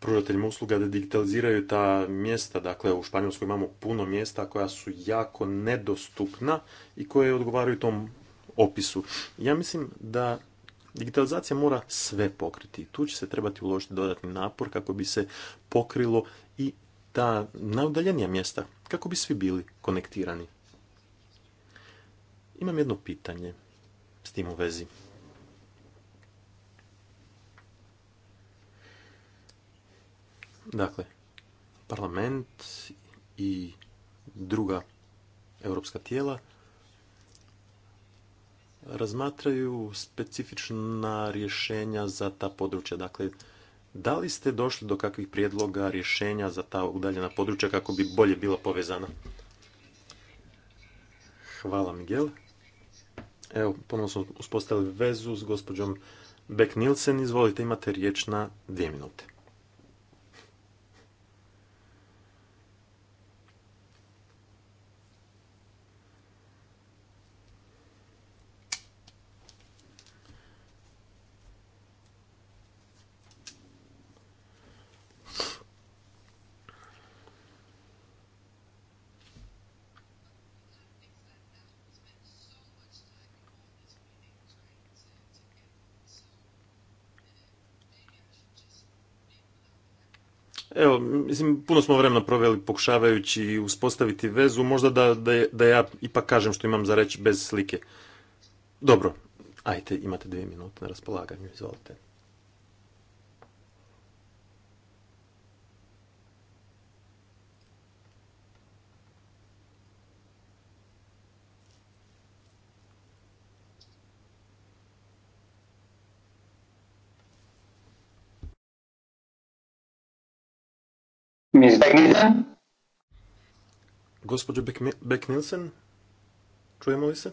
Speaker 4: pružateljima usluga da digitaliziraju ta mjesta. Dakle, u Španjolskoj imamo puno mjesta koja su jako nedostupna i koje odgovaraju tom opisu. Ja mislim da digitalizacija mora sve pokriti. Tu će se trebati uložiti dodatni napor kako bi se pokrilo i ta najudaljenija mjesta, kako bi svi bili konektirani. Imam jedno pitanje s tim u vezi. Dakle, parlament i druga europska tijela razmatraju specifična rješenja za ta područja. Dakle, da li ste došli do kakvih prijedloga rješenja za ta udaljena područja kako bi bolje bila povezana? Hvala, Miguel. Evo, ponovno smo uspostavili vezu s gospođom Beck nielsen Izvolite, imate riječ na dvije minute. Evo, mislim, puno smo vremena proveli pokušavajući uspostaviti vezu, možda da, da, da ja ipak kažem što imam za reći bez slike. Dobro, ajte, imate dvije minute na raspolaganju, izvolite. Gospođo Beck-Nielsen, čujemo li se?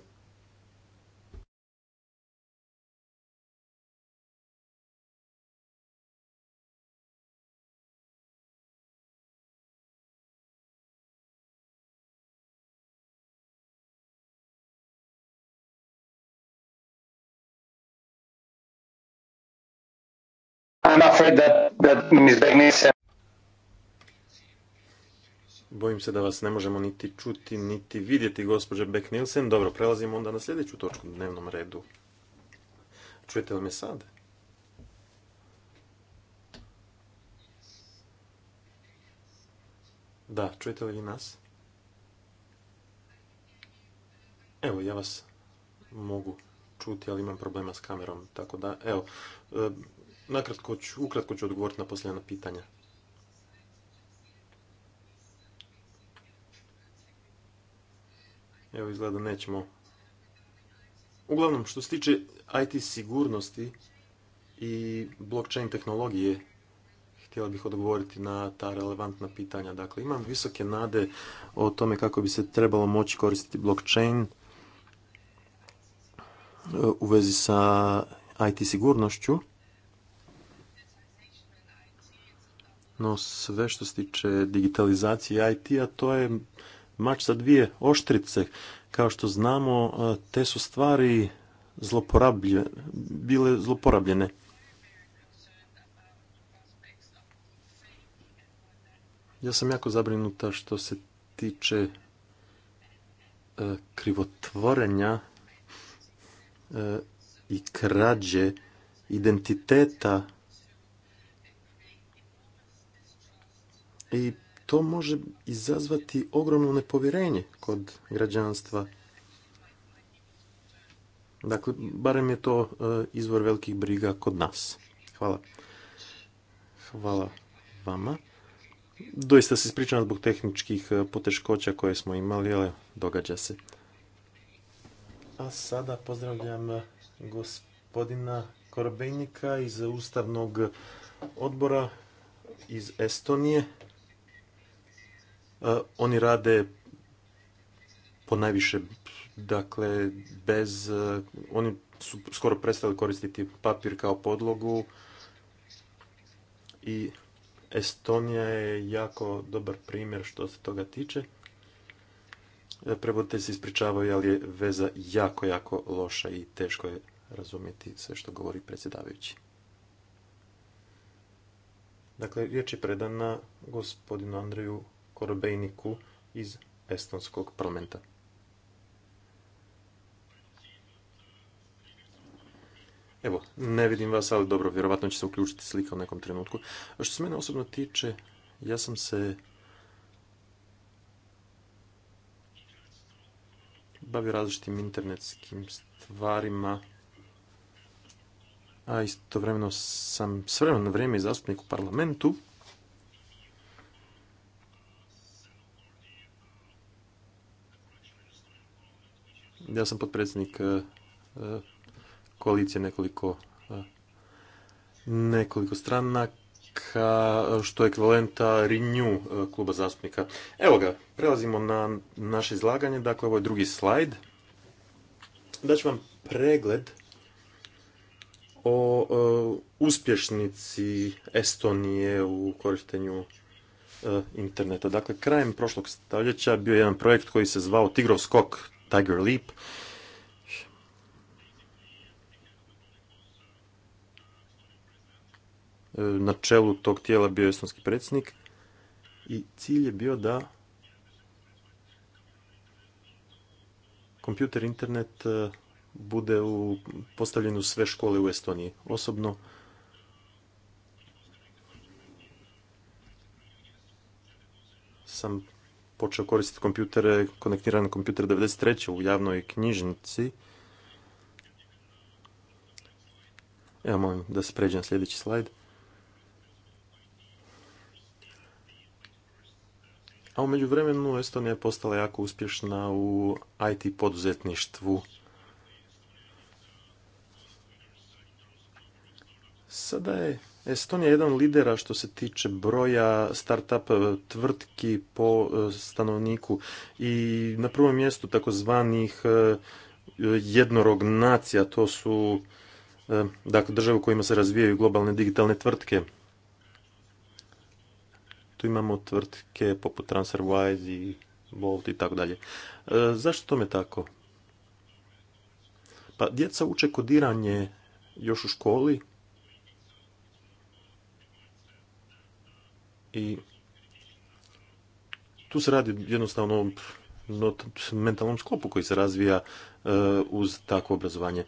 Speaker 1: I'm afraid that, that Ms. beck
Speaker 4: Bojim se da vas ne možemo niti čuti, niti vidjeti, gospođe Beck Nielsen. Dobro, prelazimo onda na sljedeću točku u dnevnom redu. Čujete li me sad? Da, čujete li vi nas? Evo, ja vas mogu čuti, ali imam problema s kamerom, tako da, evo, e, ukratko ću odgovoriti na posljedna pitanja. Evo izgleda nećemo. Uglavnom, što se tiče IT sigurnosti i blockchain tehnologije, htjela bih odgovoriti na ta relevantna pitanja. Dakle, imam visoke nade o tome kako bi se trebalo moći koristiti blockchain e, u vezi sa IT sigurnošću. No sve što se tiče digitalizacije IT-a, to je mač sa dvije oštrice. Kao što znamo, e, te su stvari bile zloporabljene. Ja sam jako zabrinuta što se tiče e, krivotvorenja e, i krađe identiteta i to može izazvati ogromno nepovjerenje kod građanstva. Dakle, barem je to e, izvor velikih briga kod nas. Hvala. Hvala vama. Doista se ispričam zbog tehničkih e, poteškoća koje smo imali, ali događa se. A sada pozdravljam e, gospodina Korbejnika iz Ustavnog odbora iz Estonije. E, oni rade po najviše, dakle, bez, e, oni su skoro prestali koristiti papir kao podlogu i Estonija je jako dobar primjer što se toga tiče. E, Prevoditelj se ispričavaju, ali je veza jako, jako loša i teško je razumjeti sve što govori predsjedavajući. Dakle, riječ je predana gospodinu Andreju Korbejniku iz Estonskog parlamenta. Evo, ne vidim vas, ali dobro, vjerovatno će se uključiti slika u nekom trenutku. što se mene osobno tiče, ja sam se bavio različitim internetskim stvarima, a istovremeno sam s vremena na vrijeme i zastupnik u parlamentu. ja sam potpredsjednik e, e, koalicije nekoliko e, nekoliko stranaka, što je ekvivalenta Renew kluba zastupnika. Evo ga, prelazimo na naše izlaganje, dakle ovo je drugi slajd. Daću vam pregled o, uspješnici Estonije u korištenju interneta. Dakle, krajem prošlog stoljeća bio je jedan projekt koji se zvao Tigrov skok. Tiger Leap. E, na čelu tog tijela bio je estonski predsjednik i cilj je bio da kompjuter internet e, bude u, postavljen u sve škole u Estoniji. Osobno sam počeo koristiti kompjutere, konektirane kompjutere 93. u javnoj knjižnici. Evo molim da se pređe sljedeći slajd. A u međuvremenu Estonija je postala jako uspješna u IT poduzetništvu. Sada je Estonija je jedan lidera što se tiče broja startup e, tvrtki po e, stanovniku i na prvom mjestu takozvanih e, jednorog nacija, to su dakle, države u kojima se razvijaju globalne digitalne tvrtke. Tu imamo tvrtke poput TransferWise i Bolt i tako dalje. Zašto tome tako? Pa djeca uče kodiranje još u školi, I tu se radi jednostavno o mentalnom sklopu koji se razvija e, uz takvo obrazovanje.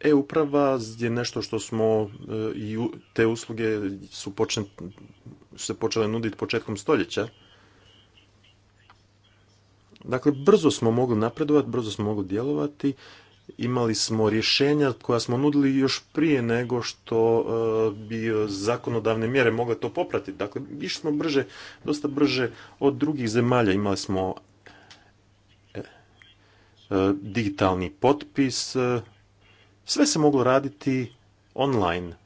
Speaker 4: E-uprava je nešto što smo e, i te usluge su, se počele nuditi početkom stoljeća. Dakle, brzo smo mogli napredovati, brzo smo mogli djelovati imali smo rješenja koja smo nudili još prije nego što e, bi zakonodavne mjere mogle to popratiti. Dakle, išli smo brže, dosta brže od drugih zemalja. Imali smo e, e, digitalni potpis, sve se moglo raditi online.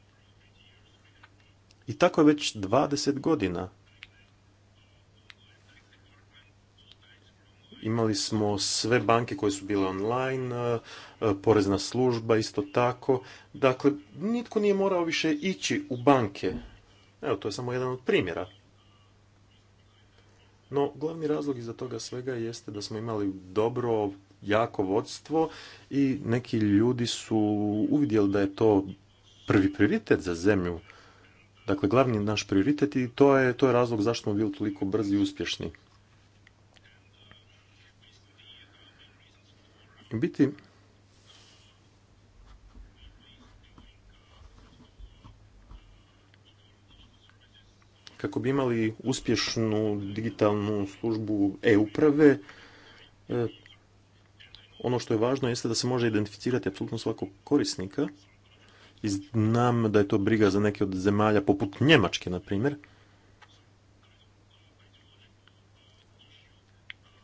Speaker 4: I tako je već 20 godina. imali smo sve banke koje su bile online, e, porezna služba isto tako. Dakle, nitko nije morao više ići u banke. Evo, to je samo jedan od primjera. No, glavni razlog iza toga svega jeste da smo imali dobro, jako vodstvo i neki ljudi su uvidjeli da je to prvi prioritet za zemlju. Dakle, glavni naš prioritet i to je, to je razlog zašto smo bili toliko brzi i uspješni. biti kako bi imali uspješnu digitalnu službu e-uprave, e, ono što je važno jeste da se može identificirati apsolutno svakog korisnika i znam da je to briga za neke od zemalja poput Njemačke, na primjer.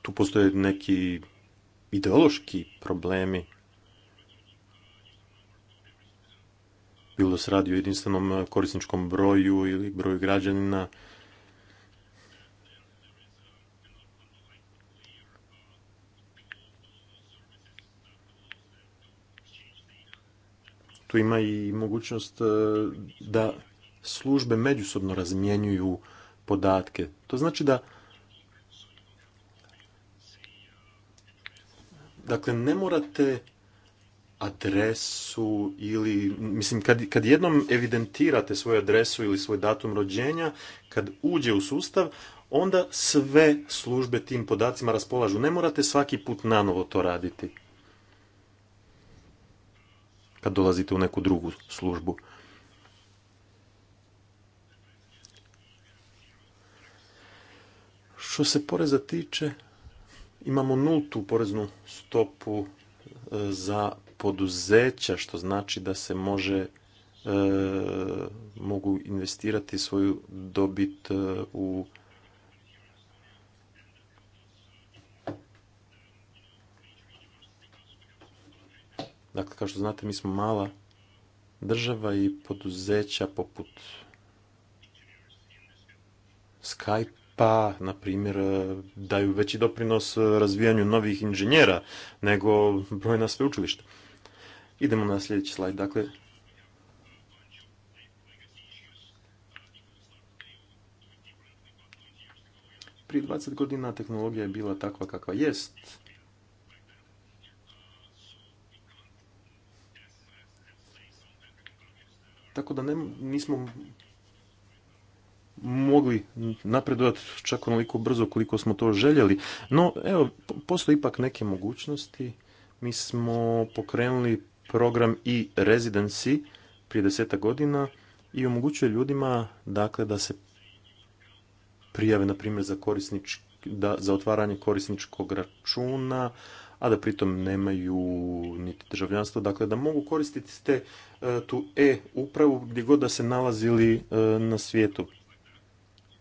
Speaker 4: Tu postoje neki ideološki problemi. Bilo se radi o jedinstvenom korisničkom broju ili broju građanina. Tu ima i mogućnost e, da službe međusobno razmjenjuju podatke. To znači da Dakle, ne morate adresu ili, mislim, kad, kad jednom evidentirate svoju adresu ili svoj datum rođenja, kad uđe u sustav, onda sve službe tim podacima raspolažu. Ne morate svaki put nanovo to raditi. Kad dolazite u neku drugu službu. Što se poreza tiče, imamo nultu poreznu stopu e, za poduzeća, što znači da se može e, mogu investirati svoju dobit e, u Dakle, kao što znate, mi smo mala država i poduzeća poput Skype pa, na primjer, e, daju veći doprinos e, razvijanju novih inženjera nego brojna sveučilišta. Idemo na sljedeći slajd. Dakle, prije 20 godina tehnologija je bila takva kakva jest. Tako da ne, nismo mogli napredovati čak onoliko brzo koliko smo to željeli. No, evo, postoje ipak neke mogućnosti. Mi smo pokrenuli program i e residency prije deseta godina i omogućuje ljudima dakle, da se prijave, na primjer, za, da, za otvaranje korisničkog računa, a da pritom nemaju niti državljanstvo, dakle da mogu koristiti te, e, tu e-upravu gdje god da se nalazili e, na svijetu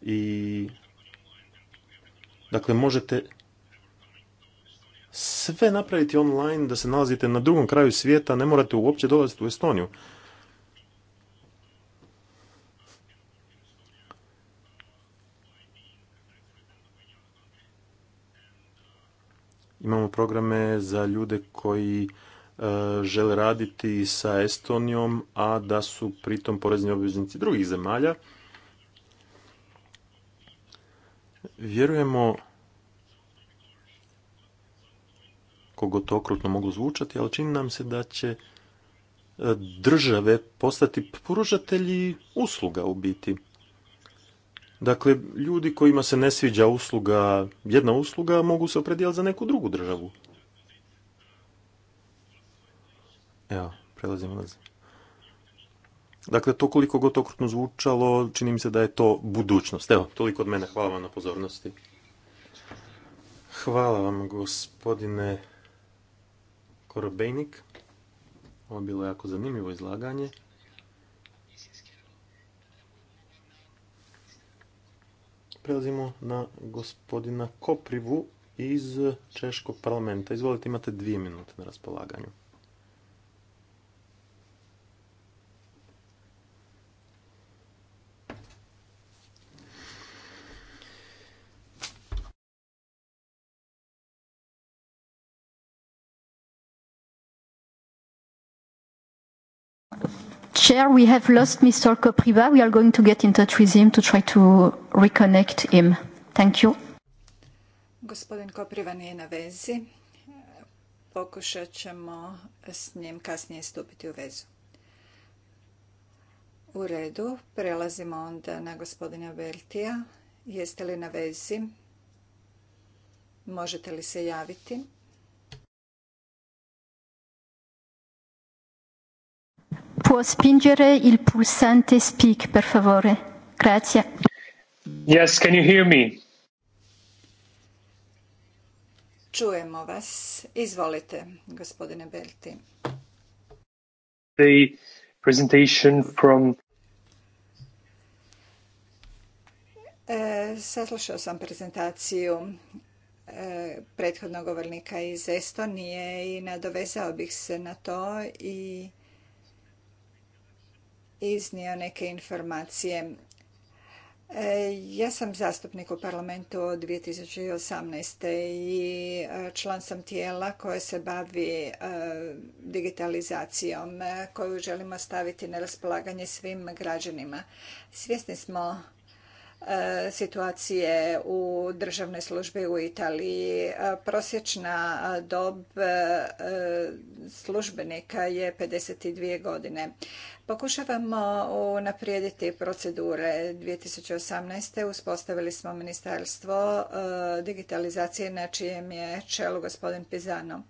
Speaker 4: i dakle možete sve napraviti online da se nalazite na drugom kraju svijeta, ne morate uopće dolaziti u Estoniju. Imamo programe za ljude koji e, žele raditi sa Estonijom, a da su pritom porezni obveznici drugih zemalja vjerujemo kogo to okrutno mogu zvučati, ali čini nam se da će e, države postati pružatelji usluga u biti. Dakle, ljudi kojima se ne sviđa usluga, jedna usluga, mogu se opredijeliti za neku drugu državu. Evo, prelazimo na Dakle, to koliko god okrutno zvučalo, čini mi se da je to budućnost. Evo, toliko od mene. Hvala vam na pozornosti. Hvala vam, gospodine Korobejnik. Ovo je bilo jako zanimljivo izlaganje. Prelazimo na gospodina Koprivu iz Češkog parlamenta. Izvolite, imate dvije minute na raspolaganju.
Speaker 1: Chair, we have lost Mr. Kopriva. We are going to get in touch with him to try to reconnect him. Thank you.
Speaker 2: Gospodin Kopriva nije na vezi. Pokušat ćemo s njim kasnije stupiti u vezu. U redu, prelazimo onda na gospodina Vertija. Jeste li na vezi? Možete li se javiti?
Speaker 1: Può spingere il pulsante
Speaker 2: speak, per favore? Grazie.
Speaker 1: Yes, can you hear me?
Speaker 2: Čujemo vas. Izvolite, gospodine Belti.
Speaker 1: The presentation from
Speaker 2: e, Saslušao sam prezentaciju e, prethodnog govornika iz Estonije i nadovezao bih se na to i iznio neke informacije. E, ja sam zastupnik u parlamentu od 2018. i e, član sam tijela koje se bavi e, digitalizacijom koju želimo staviti na raspolaganje svim građanima. Svjesni smo E, situacije u državnoj službi u Italiji. E, prosječna dob e, službenika je 52 godine. Pokušavamo unaprijediti procedure 2018. Uspostavili smo ministarstvo digitalizacije na čijem je čelu gospodin Pizano.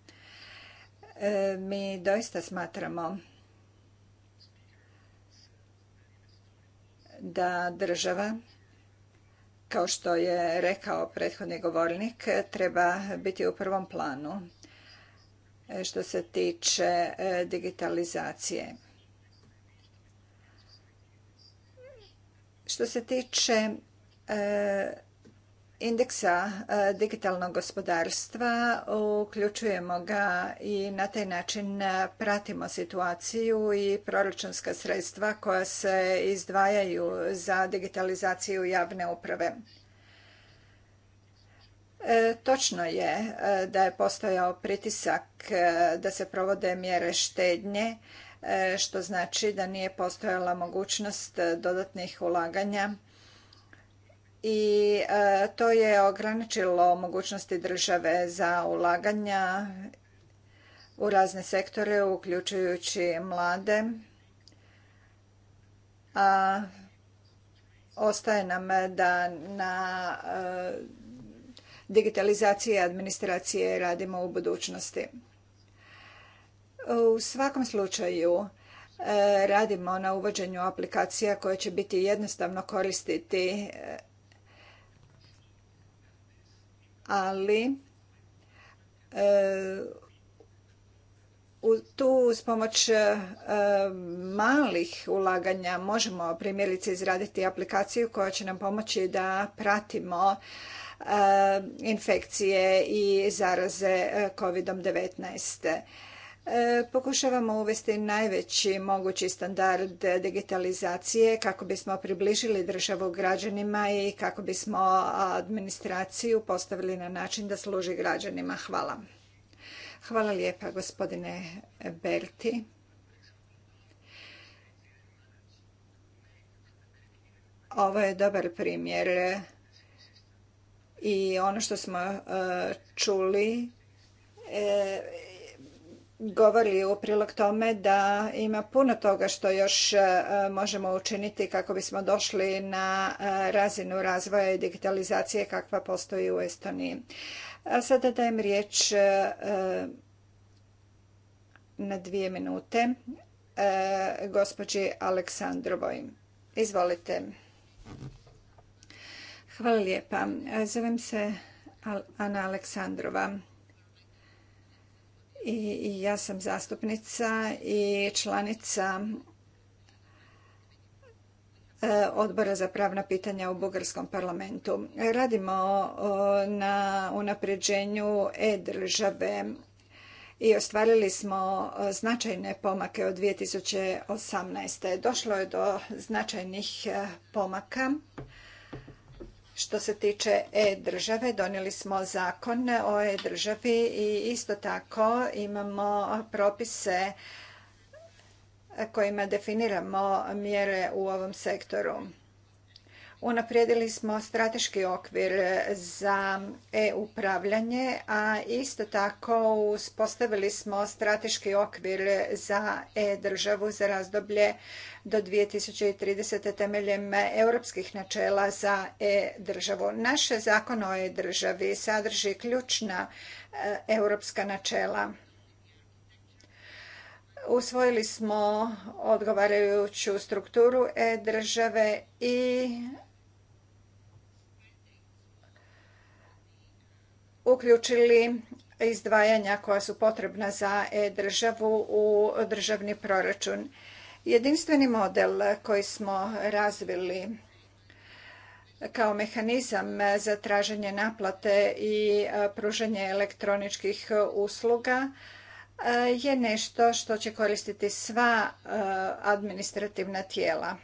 Speaker 2: Mi doista smatramo da država kao što je rekao prethodni govornik, treba biti u prvom planu e, što se tiče e, digitalizacije. Što se tiče e, indeksa e, digitalnog gospodarstva, uključujemo ga i na taj način e, pratimo situaciju i proračunska sredstva koja se izdvajaju za digitalizaciju javne uprave. E, točno je da je postojao pritisak da se provode mjere štednje, što znači da nije postojala mogućnost dodatnih ulaganja i e, to je ograničilo mogućnosti države za ulaganja u razne sektore, uključujući mlade. A ostaje nam da na e, digitalizaciji administracije radimo u budućnosti. U svakom slučaju e, radimo na uvođenju aplikacija koje će biti jednostavno koristiti ali e, tu s pomoć e, malih ulaganja možemo primjerice izraditi aplikaciju koja će nam pomoći da pratimo e, infekcije i zaraze COVID-19. E, pokušavamo uvesti najveći mogući standard digitalizacije kako bismo približili državu građanima i kako bismo administraciju postavili na način da služi građanima. Hvala. Hvala lijepa gospodine Berti. Ovo je dobar primjer i ono što smo e, čuli e, govori u prilog tome da ima puno toga što još e, možemo učiniti kako bismo došli na e, razinu razvoja i digitalizacije kakva postoji u Estoniji. A sada dajem riječ e, na dvije minute gospođi Aleksandrovoj. Izvolite. Hvala lijepa. Zovem se Ana Aleksandrova i ja sam zastupnica i članica e, odbora za pravna pitanja u bugarskom parlamentu. Radimo na unapređenju e-države i ostvarili smo značajne pomake od 2018. Došlo je do značajnih e, pomaka što se tiče e-države, donijeli smo zakon o e-državi i isto tako imamo propise kojima definiramo mjere u ovom sektoru. Unaprijedili smo strateški okvir za e-upravljanje, a isto tako uspostavili smo strateški okvir za e-državu za razdoblje do 2030. temeljem europskih načela za e-državu. Naš zakon o e-državi sadrži ključna e, europska načela. Usvojili smo odgovarajuću strukturu e-države i uključili izdvajanja koja su potrebna za e-državu u državni proračun. Jedinstveni model koji smo razvili kao mehanizam za traženje naplate i pružanje elektroničkih usluga je nešto što će koristiti sva e, administrativna tijela.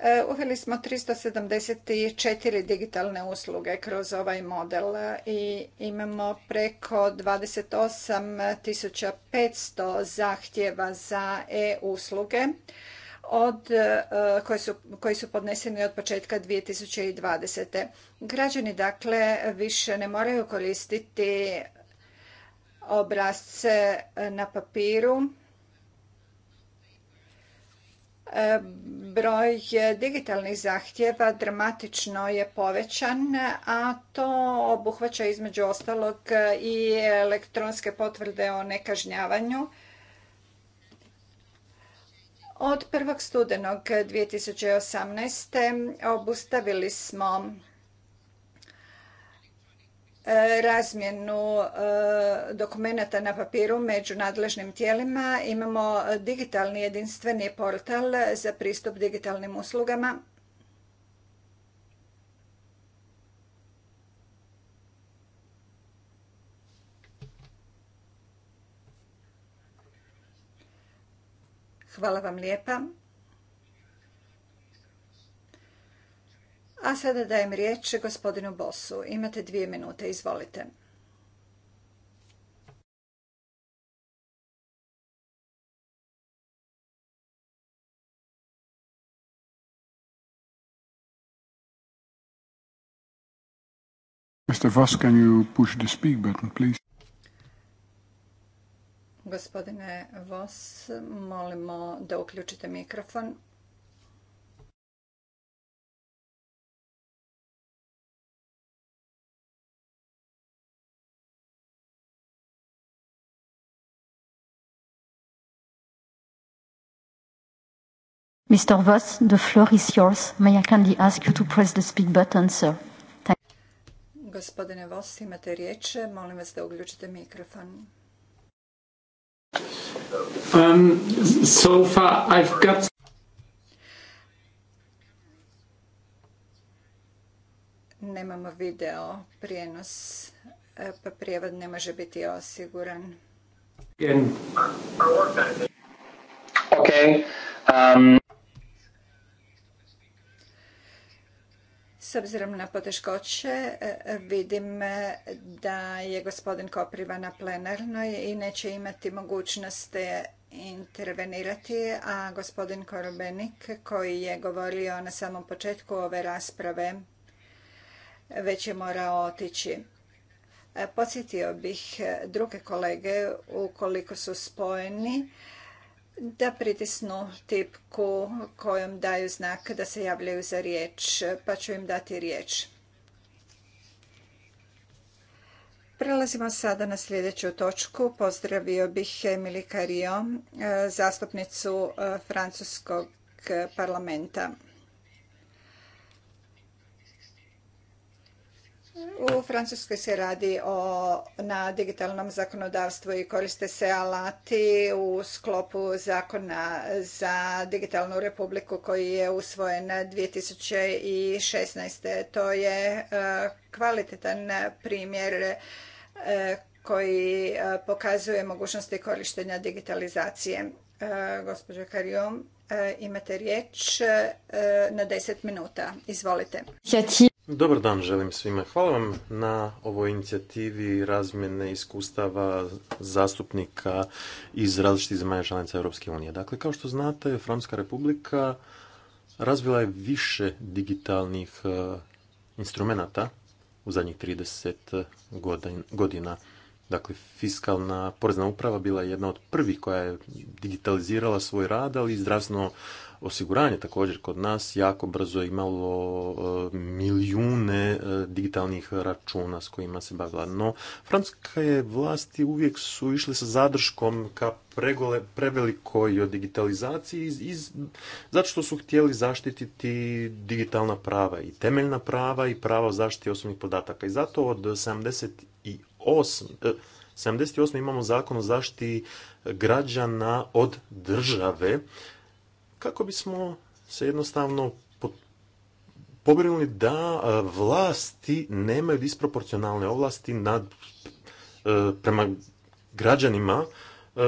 Speaker 2: E, uveli smo 374 digitalne usluge kroz ovaj model i imamo preko 28.500 zahtjeva za e-usluge e, koji, su, koji su podneseni od početka 2020. Građani dakle više ne moraju koristiti obrazce na papiru broj digitalnih zahtjeva dramatično je povećan, a to obuhvaća između ostalog i elektronske potvrde o nekažnjavanju. Od 1. studenog 2018. obustavili smo E, razmjenu e, dokumenata na papiru među nadležnim tijelima. Imamo digitalni jedinstveni portal za pristup digitalnim uslugama. Hvala vam lijepa. A sada dajem riječ gospodinu Bosu. Imate dvije minute, izvolite. Gospodine Voss, molimo da uključite mikrofon.
Speaker 1: Mr. Voss, the floor is yours. May I kindly ask you to press the speak button, sir? Thank
Speaker 2: Gospodine Voss, imate riječ. Molim vas da uključite mikrofon.
Speaker 1: Um, so far I've got...
Speaker 2: Nemamo video prijenos, e, pa prijevod ne može biti osiguran. Okay. Um... S obzirom na poteškoće e, vidim e, da je gospodin Kopriva na plenarnoj i neće imati mogućnost intervenirati, a gospodin Korobenik koji je govorio na samom početku ove rasprave već je morao otići. E, podsjetio bih druge kolege ukoliko su spojeni da pritisnu tipku kojom daju znak da se javljaju za riječ, pa ću im dati riječ. Prelazimo sada na sljedeću točku. Pozdravio bih Emily Cario, zastupnicu eh, Francuskog eh, parlamenta. U Francuskoj se radi o, na digitalnom zakonodavstvu i koriste se alati u sklopu zakona za digitalnu republiku koji je usvojen 2016. To je e, kvalitetan primjer e, koji e, pokazuje mogućnosti korištenja digitalizacije. Gospođo Karijom, imate riječ na 10 minuta. Izvolite.
Speaker 4: Dobar dan želim svima. Hvala vam na ovoj inicijativi razmjene iskustava zastupnika iz različitih zemalja članica Europske unije. Dakle, kao što znate, Francuska republika razvila je više digitalnih e, instrumenata u zadnjih 30 godina. Dakle, fiskalna porezna uprava bila je jedna od prvih koja je digitalizirala svoj rad, ali i zdravstveno osiguranje također kod nas jako brzo imalo e, milijune e, digitalnih računa s kojima se bavila. No, francuske vlasti uvijek su išle sa zadrškom ka pregole, prevelikoj digitalizaciji iz, zato što su htjeli zaštititi digitalna prava i temeljna prava i prava o zaštiti osobnih podataka. I zato od 78, 78. E, imamo zakon o zaštiti građana od države kako bismo se jednostavno pobrinuli da e, vlasti nemaju disproporcionalne ovlasti nad, e, prema građanima e,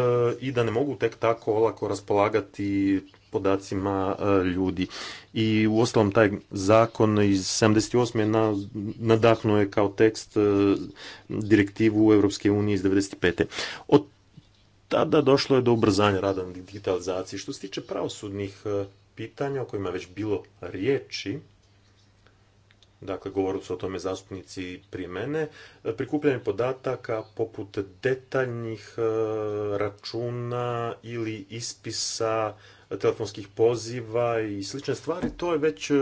Speaker 4: i da ne mogu tek tako olako raspolagati podacima ljudi. I u ostalom taj zakon iz 78. Je nadahnuo je kao tekst direktivu Europske unije iz 95. Od tada došlo je do ubrzanja rada na digitalizaciji. Što se tiče pravosudnih e, pitanja o kojima je već bilo riječi, dakle govoru su o tome zastupnici prije mene, e, prikupljanje podataka poput detaljnih e, računa ili ispisa telefonskih poziva i slične stvari, to je već e,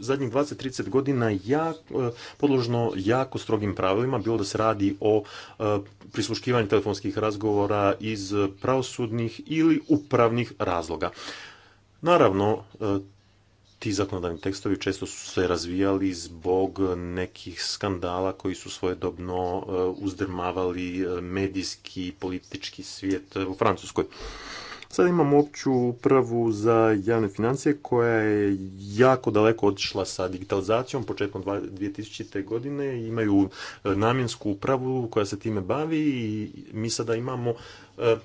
Speaker 4: zadnjih 20-30 godina e, podložno jako strogim pravilima, bilo da se radi o e, prisluškivanju telefonskih razgovora iz pravosudnih ili upravnih razloga. Naravno, ti zakonodavni tekstovi često su se razvijali zbog nekih skandala koji su svojedobno uzdrmavali medijski i politički svijet u Francuskoj. Sada imamo opću upravu za javne financije koja je jako daleko otišla sa digitalizacijom početkom 2000. godine. Imaju e, namjensku upravu koja se time bavi i mi sada imamo e,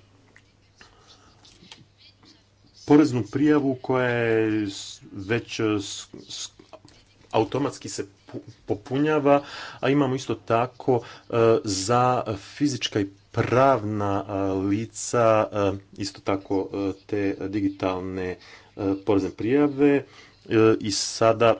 Speaker 4: poreznu prijavu koja je već automatski se popunjava, a imamo isto tako e, za fizička i pravna e, lica e, isto tako te digitalne porezne prijave i sada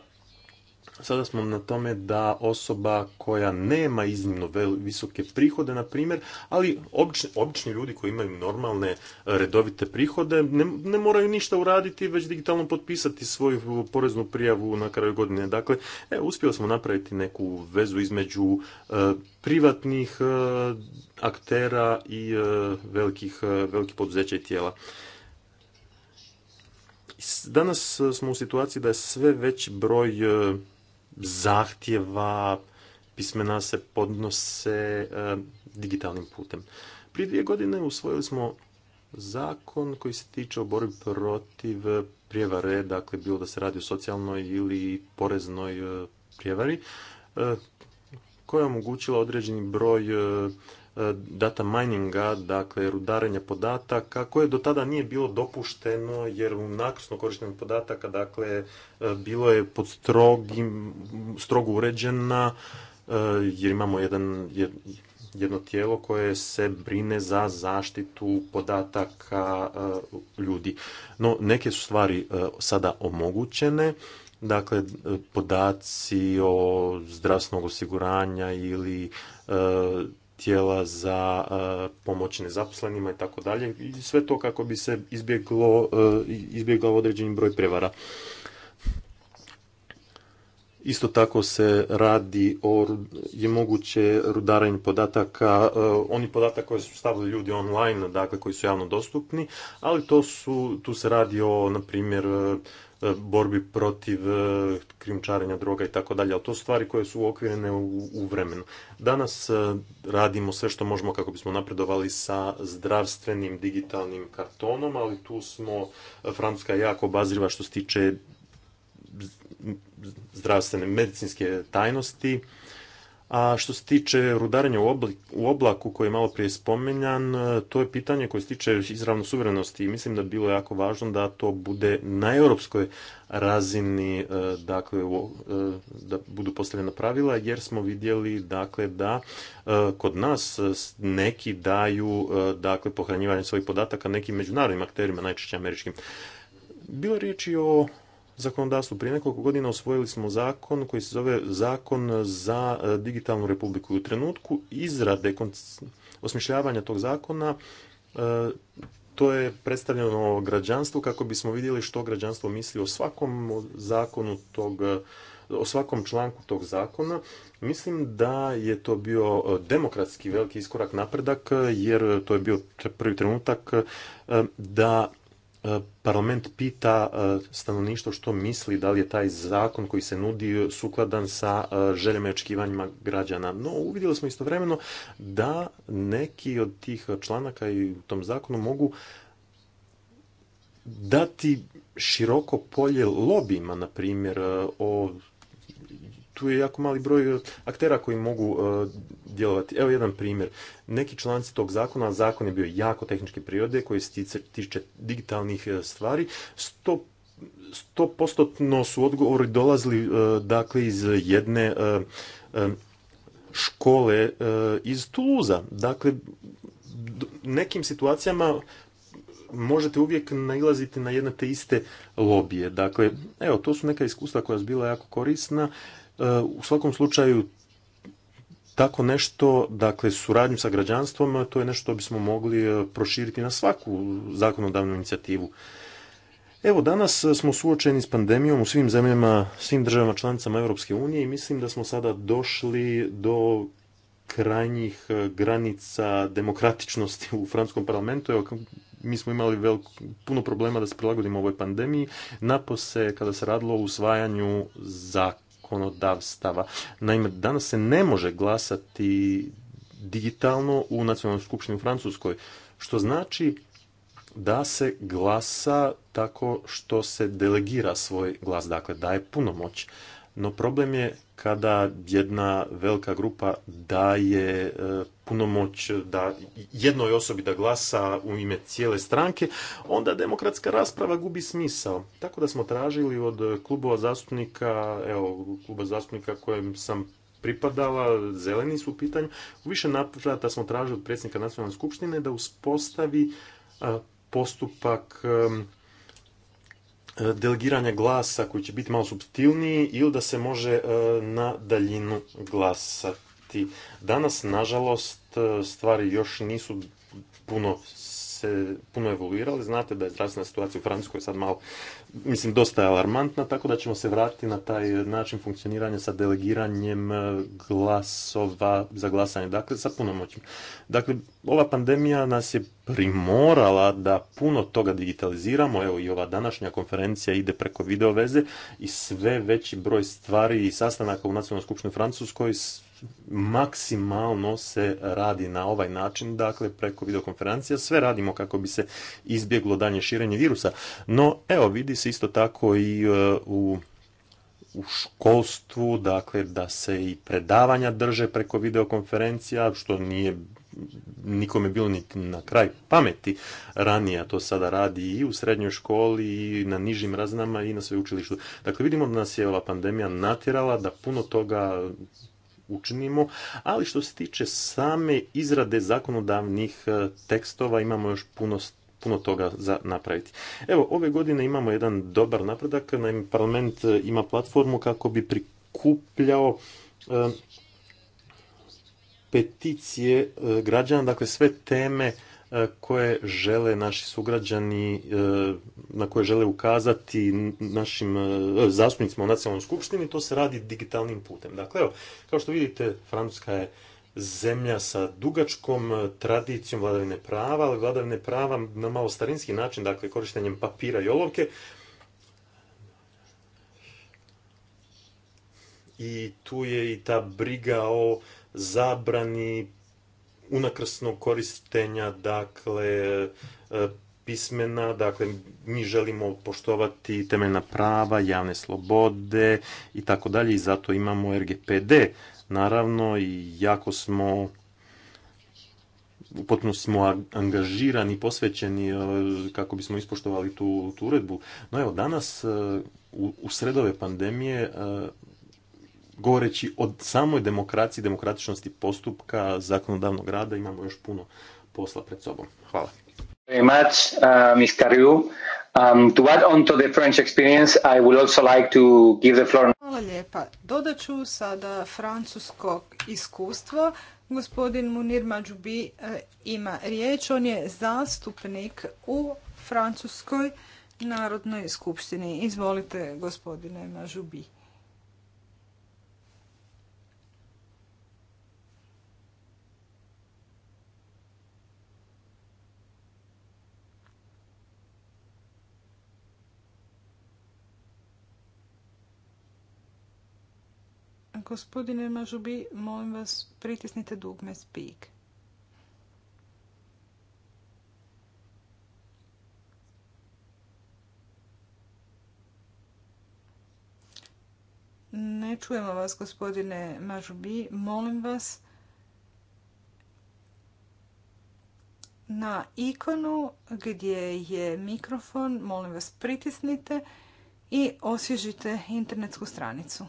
Speaker 4: sada smo na tome da osoba koja nema iznimno visoke prihode, na primjer, ali obični, obični ljudi koji imaju normalne, redovite prihode, ne, moraju ništa uraditi, već digitalno potpisati svoju poreznu prijavu na kraju godine. Dakle, e, smo napraviti neku vezu između e, privatnih e, aktera i e, velikih, velikih poduzeća i tijela. Danas smo u situaciji da je sve veći broj zahtjeva, pismena se podnose e, digitalnim putem. Prije dvije godine usvojili smo zakon koji se tiče o borbi protiv prijevare, dakle bilo da se radi o socijalnoj ili poreznoj e, prijevari, e, koja je omogućila određeni broj E, data mininga, dakle rudarenja podataka, koje do tada nije bilo dopušteno, jer u nakresno korištenju podataka, dakle, e, bilo je pod strogim, strogo uređena, e, jer imamo jedan, jedno tijelo koje se brine za zaštitu podataka ljudi. No, neke su stvari sada omogućene, dakle podaci o zdravstvenog osiguranja ili tijela za e, pomoć nezaposlenima i tako dalje. I sve to kako bi se izbjeglo, e, izbjegao određeni broj prevara. Isto tako se radi o je moguće rudaranje podataka, e, oni podataka koje su stavili ljudi online, dakle koji su javno dostupni, ali to su, tu se radi o, na primjer, E, borbi protiv e, krimčarenja droga i tako dalje, ali to su stvari koje su uokvirene u, vremenu. Danas e, radimo sve što možemo kako bismo napredovali sa zdravstvenim digitalnim kartonom, ali tu smo, Francuska je jako obazriva što se tiče zdravstvene medicinske tajnosti a što se tiče rudarenja u oblaku koji je malo prije spomenjan, e, to je pitanje koje se tiče izravno suverenosti i mislim da je bilo jako važno da to bude na europskoj razini, e, dakle, e, da budu postavljena pravila, jer smo vidjeli, dakle, da kod nas neki daju, dakle, pohranjivanje svojih podataka nekim međunarodnim akterima, najčešće američkim. Bilo je riječi o zakonodavstvu. Prije nekoliko godina osvojili smo zakon koji se zove Zakon za e, digitalnu republiku. U trenutku izrade osmišljavanja tog zakona e, to je predstavljeno građanstvu kako bismo vidjeli što građanstvo misli o svakom zakonu tog e, o svakom članku tog zakona. Mislim da je to bio demokratski veliki iskorak napredak, jer to je bio prvi trenutak da parlament pita e, stanovništvo što misli, da li je taj zakon koji se nudi sukladan sa e, željama i očekivanjima građana. No, uvidjeli smo istovremeno da neki od tih članaka i u tom zakonu mogu dati široko polje lobijima, na primjer, e, o tu je jako mali broj e, aktera koji mogu e, djelovati. Evo jedan primjer. Neki članci tog zakona, zakon je bio jako tehničke prirode koji se tiče digitalnih e, stvari, sto postotno su odgovori dolazili dakle iz jedne škole iz Tuluza. Dakle, nekim situacijama možete uvijek nailaziti na jedne te iste lobije. Dakle, evo, to su neka iskustva koja su bila jako korisna E, u svakom slučaju, tako nešto, dakle suradnju sa građanstvom, to je nešto što bismo mogli e, proširiti na svaku zakonodavnu inicijativu. Evo, danas smo suočeni s pandemijom u svim zemljama, svim državama članicama Europske unije i mislim da smo sada došli do krajnjih e, granica demokratičnosti u francuskom parlamentu. Evo, mi smo imali veliko, puno problema da se prilagodimo ovoj pandemiji, napose kada se radilo o usvajanju zakona zakonodavstava. Naime, danas se ne može glasati digitalno u nacionalnoj skupštini u Francuskoj, što znači da se glasa tako što se delegira svoj glas, dakle daje punomoć. No problem je kada jedna velika grupa daje e, punomoć da jednoj osobi da glasa u ime cijele stranke, onda demokratska rasprava gubi smisao. Tako da smo tražili od klubova zastupnika, evo, kluba zastupnika kojem sam pripadala, zeleni su u pitanju, u više navrata smo tražili od predsjednika nacionalne skupštine da uspostavi e, postupak E, delegiranja glasa koji će biti malo subtilniji ili da se može e, na daljinu glasati. Danas, nažalost, e, stvari još nisu puno se puno evoluirali. Znate da je zdravstvena situacija u Francuskoj sad malo, mislim, dosta je alarmantna, tako da ćemo se vratiti na taj način funkcioniranja sa delegiranjem glasova za glasanje, dakle, sa moćim. Dakle, ova pandemija nas je primorala da puno toga digitaliziramo, evo i ova današnja konferencija ide preko videoveze veze i sve veći broj stvari i sastanaka u Nacionalnoj skupštini Francuskoj maksimalno se radi na ovaj način, dakle preko videokonferencija, sve radimo kako bi se izbjeglo danje širenje virusa. No, evo, vidi se isto tako i e, u u školstvu, dakle da se i predavanja drže preko videokonferencija, što nije nikome bilo niti na kraj pameti ranije, a to sada radi i u srednjoj školi i na nižim razinama i na sveučilištu. Dakle, vidimo da nas je ova pandemija natjerala da puno toga učinimo, ali što se tiče same izrade zakonodavnih e, tekstova imamo još puno puno toga za napraviti. Evo, ove godine imamo jedan dobar napredak, naime parlament e, ima platformu kako bi prikupljao e, peticije građana, dakle sve teme E, koje žele naši sugrađani, e, na koje žele ukazati našim e, zastupnicima u nacionalnoj skupštini, to se radi digitalnim putem. Dakle, evo, kao što vidite, Francuska je zemlja sa dugačkom tradicijom vladavine prava, ali vladavine prava na malo starinski način, dakle korištenjem papira i olovke. I tu je i ta briga o zabrani unakrsnog koristenja, dakle, e, pismena, dakle, mi želimo poštovati temeljna prava, javne slobode i tako dalje i zato imamo RGPD, naravno, i jako smo potpuno smo angažirani, posvećeni e, kako bismo ispoštovali tu, uredbu. No evo, danas e, u, u sredove pandemije govoreći o samoj demokraciji, demokratičnosti postupka, zakonodavnog rada, imamo još puno posla pred sobom. Hvala.
Speaker 1: Very much, uh, Um, on to the French experience, I would also like to give the floor.
Speaker 3: Hvala lijepa. Dodaću sada francuskog iskustvo. Gospodin Munir Mađubi uh, ima riječ. On je zastupnik u Francuskoj Narodnoj skupštini. Izvolite, gospodine Mažubi. Gospodine Mažubi, molim vas, pritisnite dugme Speak. Ne čujemo vas, gospodine Mažubi. Molim vas, na ikonu gdje je mikrofon, molim vas pritisnite i osvježite internetsku stranicu.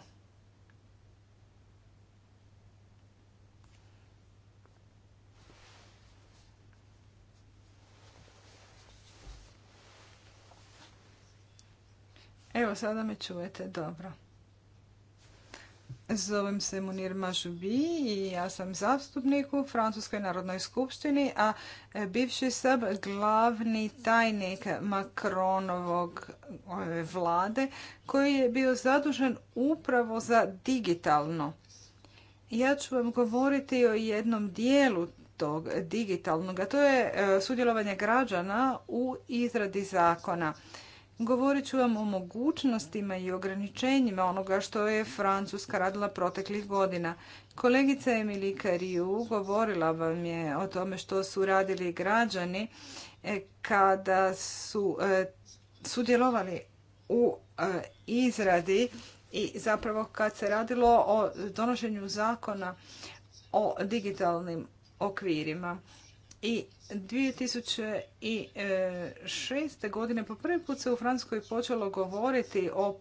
Speaker 3: Evo, sada me čujete dobro. Zovem se Munir Mažubi i ja sam zastupnik u Francuskoj narodnoj skupštini, a e, bivši sam glavni tajnik Makronovog vlade koji je bio zadužen upravo za digitalno. Ja ću vam govoriti o jednom dijelu tog digitalnog, a to je e, sudjelovanje građana u izradi zakona. Govorit ću vam o mogućnostima i ograničenjima onoga što je Francuska radila proteklih godina. Kolegica Emily Cariou govorila vam je o tome što su radili građani e, kada su e, sudjelovali u e, izradi i zapravo kad se radilo o donošenju zakona o digitalnim okvirima. I 2006. godine po prvi put se u Francuskoj počelo govoriti o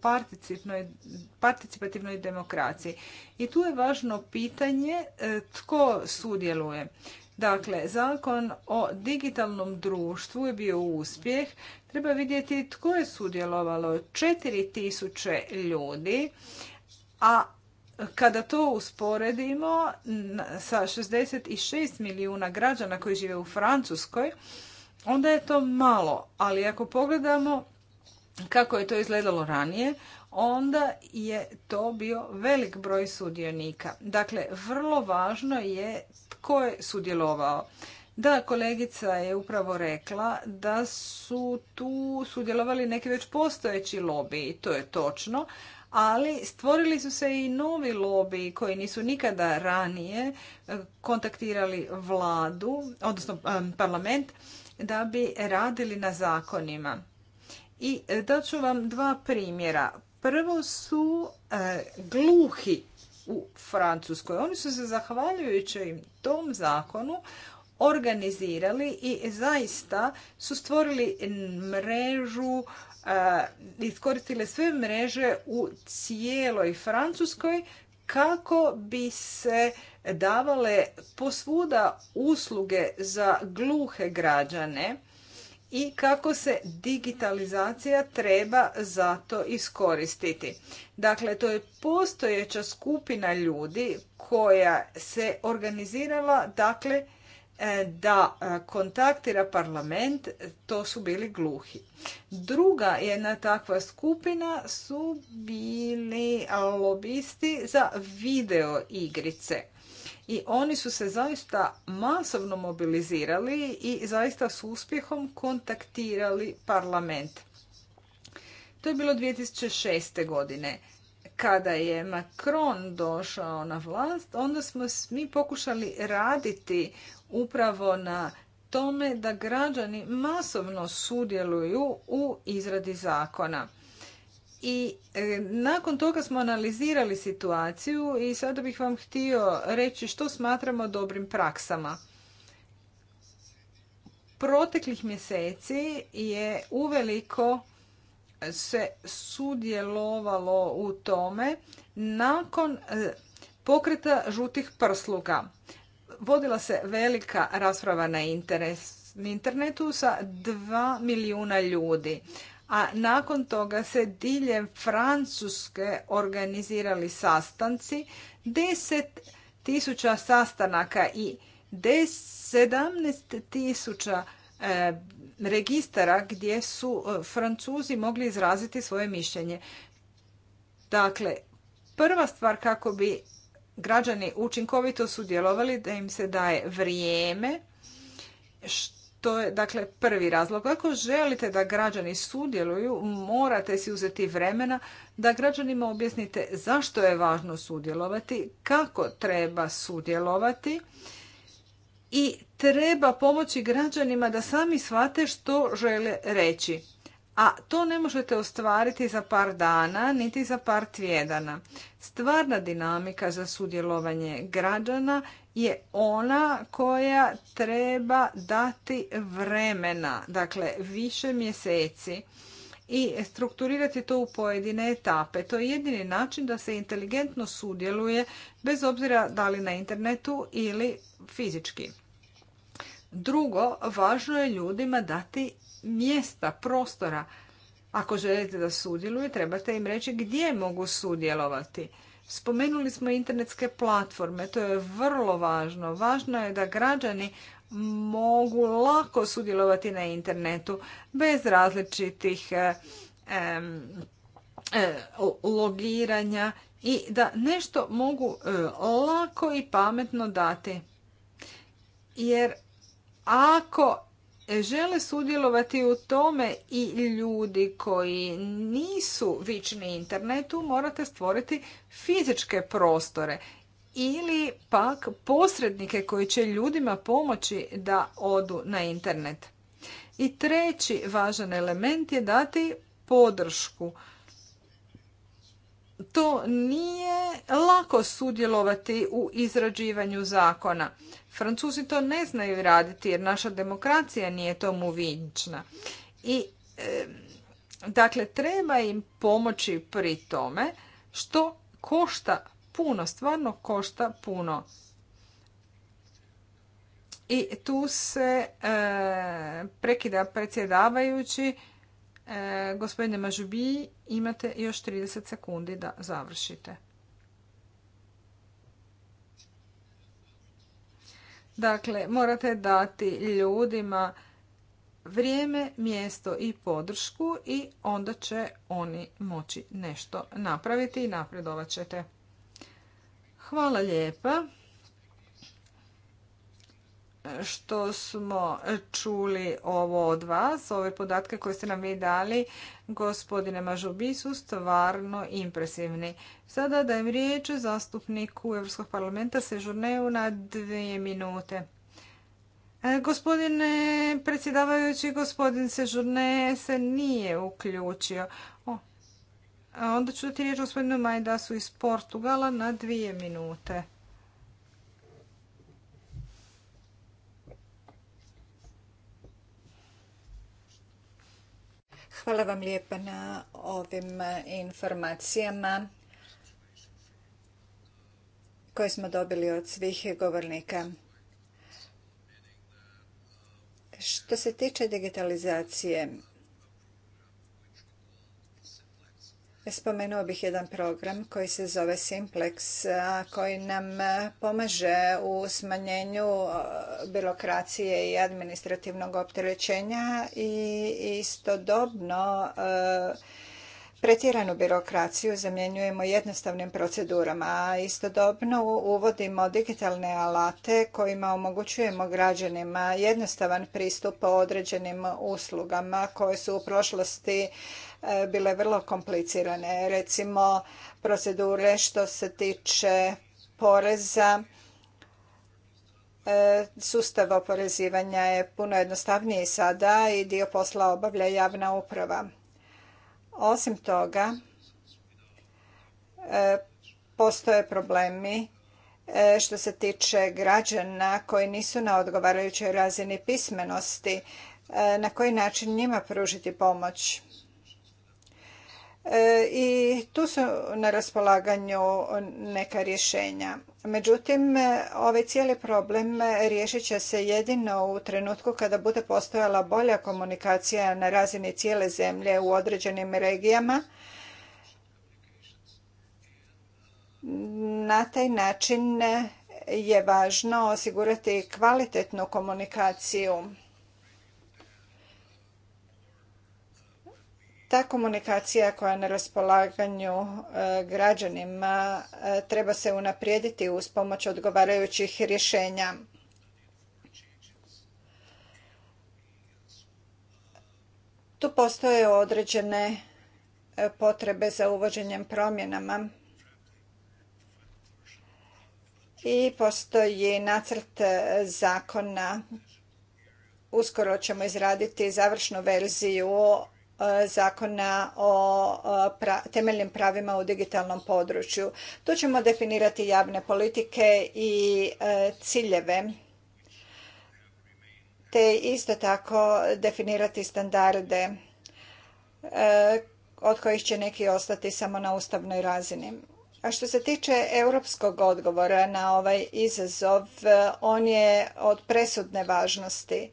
Speaker 3: participativnoj demokraciji. I tu je važno pitanje e, tko sudjeluje. Dakle, zakon o digitalnom društvu je bio uspjeh. Treba vidjeti tko je sudjelovalo. 4000 ljudi, a kada to usporedimo sa 66 milijuna građana koji žive u Francuskoj, onda je to malo, ali ako pogledamo kako je to izgledalo ranije, onda je to bio velik broj sudionika. Dakle, vrlo važno je tko je sudjelovao. Da, kolegica je upravo rekla da su tu sudjelovali neki već postojeći lobiji, to je točno, ali stvorili su se i novi lobiji koji nisu nikada ranije e, kontaktirali vladu, odnosno e, parlament, da bi radili na zakonima. I e, daću vam dva primjera. Prvo su gluhi u Francuskoj. Oni su se zahvaljujući tom zakonu organizirali i zaista su stvorili mrežu iskoristile sve mreže u cijeloj Francuskoj kako bi se davale posvuda usluge za gluhe građane i kako se digitalizacija treba zato iskoristiti. Dakle, to je postojeća skupina ljudi koja se organizirala, dakle, E, da e, kontaktira parlament, to su bili gluhi. Druga jedna takva skupina su bili lobisti za video igrice. I oni su se zaista masovno mobilizirali i zaista s uspjehom kontaktirali parlament. To je bilo 2006. godine kada je Macron došao na vlast, onda smo mi pokušali raditi upravo na tome da građani masovno sudjeluju u izradi zakona. I e, nakon toga smo analizirali situaciju i sada bih vam htio reći što smatramo dobrim praksama. Proteklih mjeseci je uveliko se sudjelovalo u tome nakon e, pokreta žutih prsluga vodila se velika rasprava na, internetu sa dva milijuna ljudi. A nakon toga se diljem Francuske organizirali sastanci, deset tisuća sastanaka i 17 tisuća e, registara gdje su e, Francuzi mogli izraziti svoje mišljenje. Dakle, prva stvar kako bi građani učinkovito sudjelovali, da im se daje vrijeme, što je dakle prvi razlog. Ako želite da građani sudjeluju, morate si uzeti vremena da građanima objasnite zašto je važno sudjelovati, kako treba sudjelovati i treba pomoći građanima da sami shvate što žele reći a to ne možete ostvariti za par dana niti za par tjedana. Stvarna dinamika za sudjelovanje građana je ona koja treba dati vremena, dakle više mjeseci i strukturirati to u pojedine etape. To je jedini način da se inteligentno sudjeluje bez obzira da li na internetu ili fizički. Drugo, važno je ljudima dati mjesta, prostora. Ako želite da sudjeluju, trebate im reći gdje mogu sudjelovati. Spomenuli smo internetske platforme, to je vrlo važno. Važno je da građani mogu lako sudjelovati na internetu bez različitih eh, eh, logiranja i da nešto mogu eh, lako i pametno dati. Jer ako žele sudjelovati u tome i ljudi koji nisu vični internetu, morate stvoriti fizičke prostore ili pak posrednike koji će ljudima pomoći da odu na internet. I treći važan element je dati podršku to nije lako sudjelovati u izrađivanju zakona. Francuzi to ne znaju raditi jer naša demokracija nije tomu vinčna. I dakle treba im pomoći pri tome što košta puno, stvarno košta puno. I tu se e, prekida predsjedavajući E, gospodine Mažubi, imate još 30 sekundi da završite. Dakle, morate dati ljudima vrijeme, mjesto i podršku i onda će oni moći nešto napraviti i napredovat ćete. Hvala lijepa što smo čuli ovo od vas, ove podatke koje ste nam vi dali, gospodine Mažubi, su stvarno impresivni. Sada dajem riječ zastupniku Europskog parlamenta Sežurneju na dvije minute. E, gospodine predsjedavajući, gospodin Sežurne se nije uključio. onda ću dati riječ gospodinu Majdasu iz Portugala na dvije minute.
Speaker 2: Hvala vam lijepa na ovim e, informacijama koje smo dobili od svih govornika. Što se tiče digitalizacije, Spomenuo bih jedan program koji se zove Simplex, koji nam pomaže u smanjenju birokracije i administrativnog opterećenja i istodobno pretjeranu birokraciju zamjenjujemo jednostavnim procedurama, a istodobno uvodimo digitalne alate kojima omogućujemo građanima jednostavan pristup po određenim uslugama koje su u prošlosti E, bile vrlo komplicirane. Recimo procedure što se tiče poreza, e, sustav oporezivanja je puno jednostavniji sada i dio posla obavlja javna uprava. Osim toga, e, postoje problemi što se tiče građana koji nisu na odgovarajućoj razini pismenosti, na koji način njima pružiti pomoć. E, i tu su na raspolaganju neka rješenja. Međutim, ovaj cijeli problem riješit će se jedino u trenutku kada bude postojala bolja komunikacija na razini cijele zemlje u određenim regijama. Na taj način je važno osigurati kvalitetnu komunikaciju ta komunikacija koja je na raspolaganju e, građanima e, treba se unaprijediti uz pomoć odgovarajućih rješenja. Tu postoje određene e, potrebe za uvođenjem promjenama i postoji nacrt zakona. Uskoro ćemo izraditi završnu verziju E, zakona o e, temeljnim pravima u digitalnom području. Tu ćemo definirati javne politike i e, ciljeve te isto tako definirati standarde od kojih će neki ostati samo na ustavnoj razini. A što se tiče europskog odgovora na ovaj izazov, on je od presudne važnosti.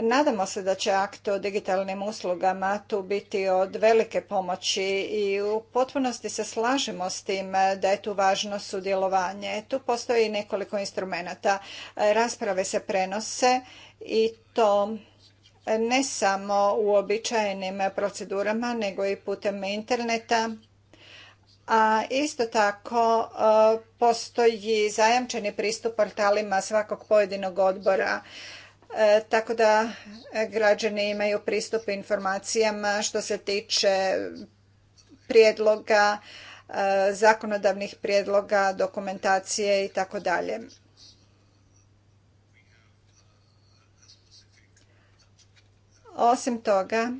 Speaker 2: Nadamo se da će akt o digitalnim uslugama tu biti od velike pomoći i u potpunosti se slažemo s tim da je tu važno sudjelovanje. Tu postoji nekoliko instrumenata. Rasprave se prenose i to ne samo u običajenim procedurama nego i putem interneta a isto tako e, postoji zajamčeni pristup portalima svakog pojedinog odbora E, tako da e, građani imaju pristup informacijama što se tiče prijedloga, e, zakonodavnih prijedloga, dokumentacije i tako dalje. Osim toga,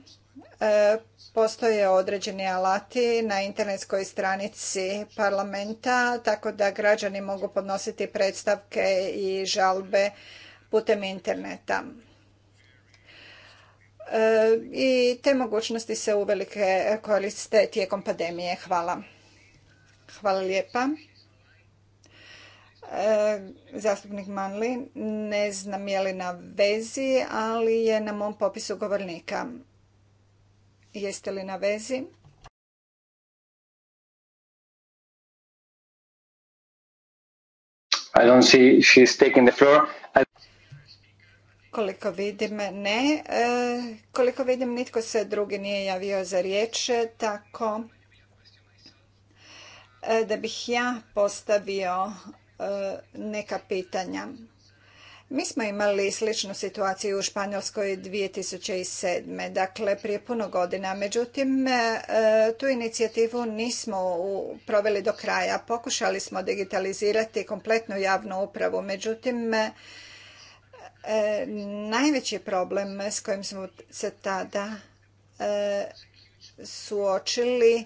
Speaker 2: postoje određeni alati na internetskoj stranici parlamenta, tako da građani mogu podnositi predstavke i žalbe putem interneta. E, I te mogućnosti se uvelike koriste tijekom pandemije. Hvala. Hvala lijepa. E, zastupnik Manli, ne znam je li na vezi, ali je na mom popisu govornika. Jeste li na vezi?
Speaker 1: I don't see she's taking the floor.
Speaker 2: Koliko vidim, ne. E, koliko vidim, nitko se drugi nije javio za riječ, tako e, da bih ja postavio e, neka pitanja. Mi smo imali sličnu situaciju u Španjolskoj 2007. dakle prije puno godina. Međutim, tu inicijativu nismo proveli do kraja. Pokušali smo digitalizirati kompletnu javnu upravu. Međutim, Najveći problem s kojim smo se tada e, suočili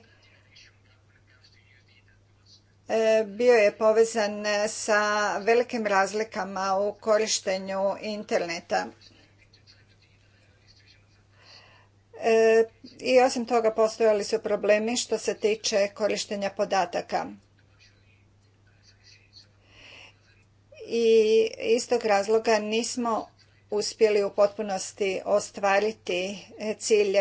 Speaker 2: e, bio je povezan sa velikim razlikama u korištenju interneta. E, I osim toga postojali su problemi što se tiče korištenja podataka. i iz tog razloga nismo uspjeli u potpunosti ostvariti cilj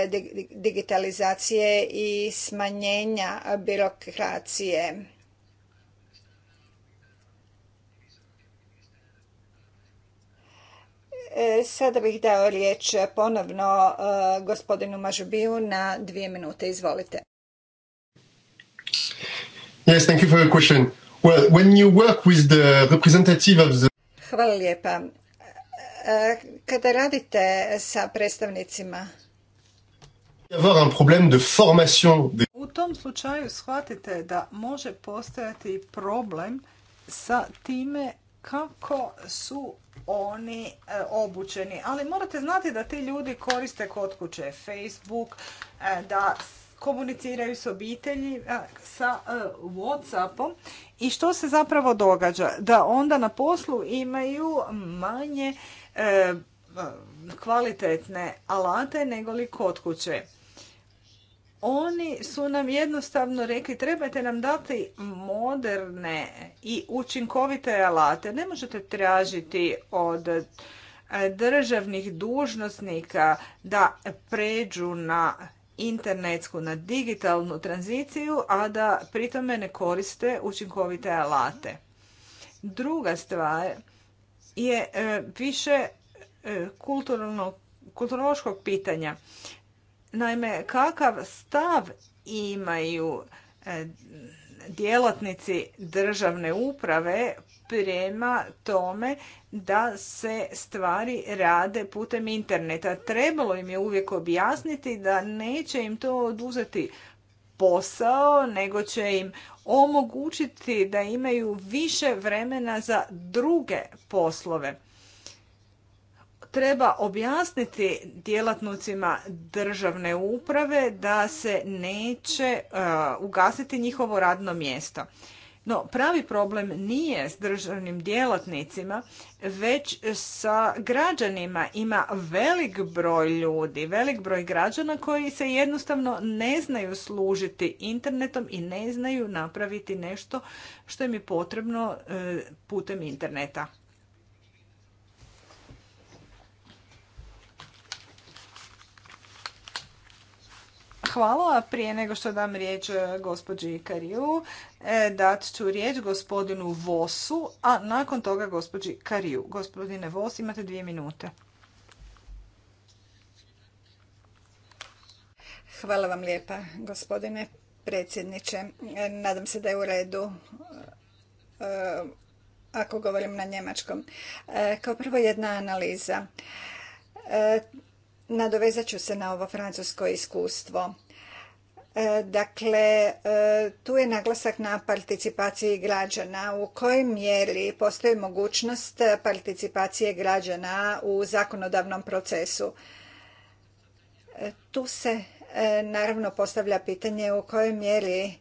Speaker 2: digitalizacije i smanjenja birokracije. E, sada bih dao riječ ponovno e, gospodinu Mažubiju na dvije minute. Izvolite.
Speaker 4: Yes, thank you for your question. Well, when you work with the representative of the...
Speaker 2: Hvala lijepa. E, kada radite sa predstavnicima
Speaker 3: U tom slučaju shvatite da može postojati problem sa time kako su oni e, obučeni. Ali morate znati da ti ljudi koriste kod kuće Facebook, e, da komuniciraju s obitelji sa e, Whatsappom i što se zapravo događa? Da onda na poslu imaju manje e, kvalitetne alate nego li kod kuće. Oni su nam jednostavno rekli trebate nam dati moderne i učinkovite alate. Ne možete tražiti od e, državnih dužnosnika da pređu na internetsku, na digitalnu tranziciju, a da pritome ne koriste učinkovite alate. Druga stvar je e, više e, kulturno, kulturološkog pitanja. Naime, kakav stav imaju e, djelatnici državne uprave prema tome da se stvari rade putem interneta. Trebalo im je uvijek objasniti da neće im to oduzeti posao, nego će im omogućiti da imaju više vremena za druge poslove treba objasniti djelatnicima državne uprave da se neće e, ugasiti njihovo radno mjesto. No, pravi problem nije s državnim djelatnicima, već sa građanima. Ima velik broj ljudi, velik broj građana koji se jednostavno ne znaju služiti internetom i ne znaju napraviti nešto što im je potrebno e, putem interneta. Hvala. Prije nego što dam riječ e, gospođi Kariju, e, dat ću riječ gospodinu Vosu, a nakon toga gospođi Kariju. Gospodine Vos, imate dvije minute.
Speaker 2: Hvala vam lijepa, gospodine predsjedniče. E, nadam se da je u redu ako govorim na njemačkom. Kao prvo jedna analiza. Nadovezat ću se na ovo francusko iskustvo. E, dakle, e, tu je naglasak na participaciji građana. U kojoj mjeri postoji mogućnost participacije građana u zakonodavnom procesu? E, tu se naravno postavlja pitanje u kojoj mjeri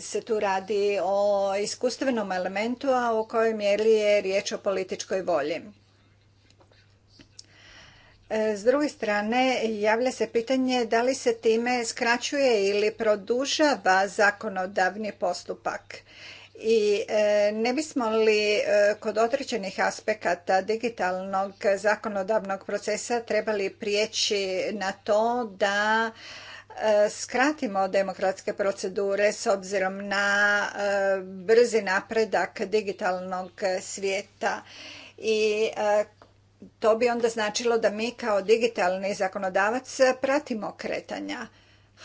Speaker 2: se tu radi o iskustvenom elementu, a u kojoj mjeri je riječ o političkoj volji. S druge strane, javlja se pitanje da li se time skraćuje ili produžava zakonodavni postupak. I e, ne bismo li e, kod određenih aspekata digitalnog zakonodavnog procesa trebali prijeći na to da e, skratimo demokratske procedure s obzirom na brzi napredak digitalnog svijeta i to bi onda značilo da mi kao digitalni zakonodavac pratimo kretanja.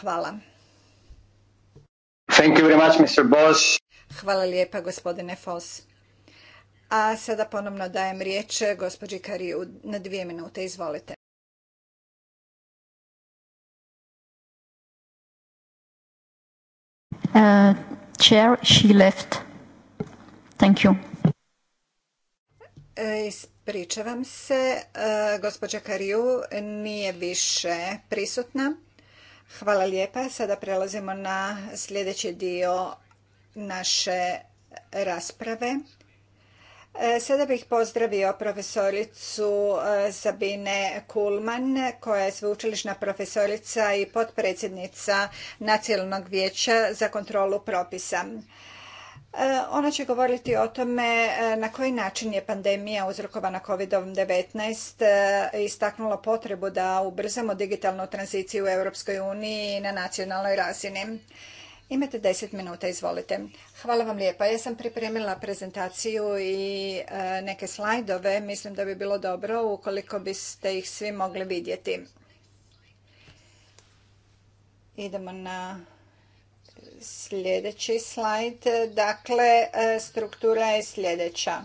Speaker 2: Hvala. Thank you very much, Mr. Hvala lijepa, gospodine Foss. A sada ponovno dajem riječ gospođi Kariju na dvije minute.
Speaker 1: Izvolite. Uh, chair, she left. Thank you.
Speaker 2: E, Pričavam se, eh, gospođa Kariju nije više prisutna. Hvala lijepa. Sada prelazimo na sljedeći dio naše rasprave. Eh, sada bih pozdravio profesoricu eh, Sabine Kulman, koja je sveučilišna profesorica i potpredsjednica Nacionalnog vijeća za kontrolu propisa. E, ona će govoriti o tome e, na koji način je pandemija uzrokovana COVID-19 e, istaknula potrebu da ubrzamo digitalnu tranziciju u Europskoj uniji na nacionalnoj razini. Imate 10 minuta, izvolite. Hvala vam lijepa. Ja sam pripremila prezentaciju i neke slajdove. Mislim da bi bilo dobro ukoliko biste ih svi mogli vidjeti. Idemo na sljedeći slajd. Dakle, e, struktura je sljedeća.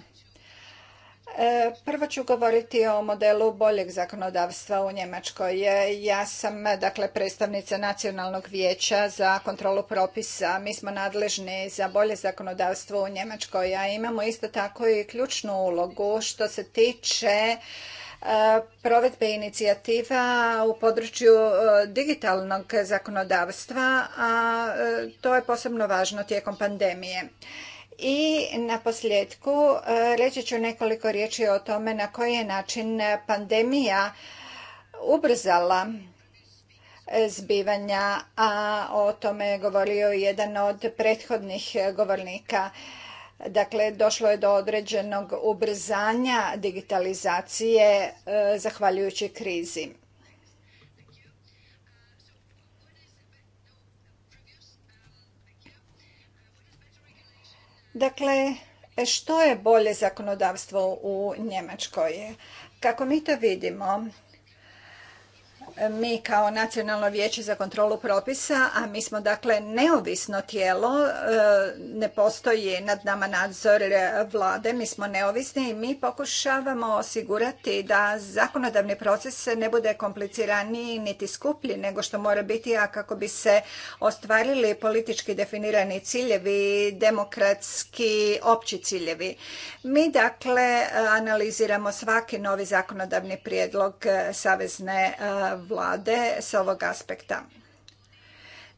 Speaker 2: E, prvo ću govoriti o modelu boljeg zakonodavstva u Njemačkoj. E, ja sam dakle predstavnica Nacionalnog vijeća za kontrolu propisa. Mi smo nadležni za bolje zakonodavstvo u Njemačkoj, a imamo isto tako i ključnu ulogu što se tiče provedbe inicijativa u području e, digitalnog zakonodavstva, a e, to je posebno važno tijekom pandemije. I na posljedku e, reći ću nekoliko riječi o tome na koji je način pandemija ubrzala zbivanja, a o tome je govorio jedan od prethodnih govornika. Dakle, došlo je do određenog ubrzanja digitalizacije e, zahvaljujući krizi. Dakle, što je bolje zakonodavstvo u Njemačkoj? Kako mi to vidimo, mi kao Nacionalno vijeće za kontrolu propisa, a mi smo dakle neovisno tijelo, e, ne postoji nad nama nadzor vlade, mi smo neovisni i mi pokušavamo osigurati da zakonodavni proces ne bude kompliciraniji niti skuplji nego što mora biti, a kako bi se ostvarili politički definirani ciljevi, demokratski opći ciljevi. Mi dakle analiziramo svaki novi zakonodavni prijedlog Savezne e, vlade s ovog aspekta.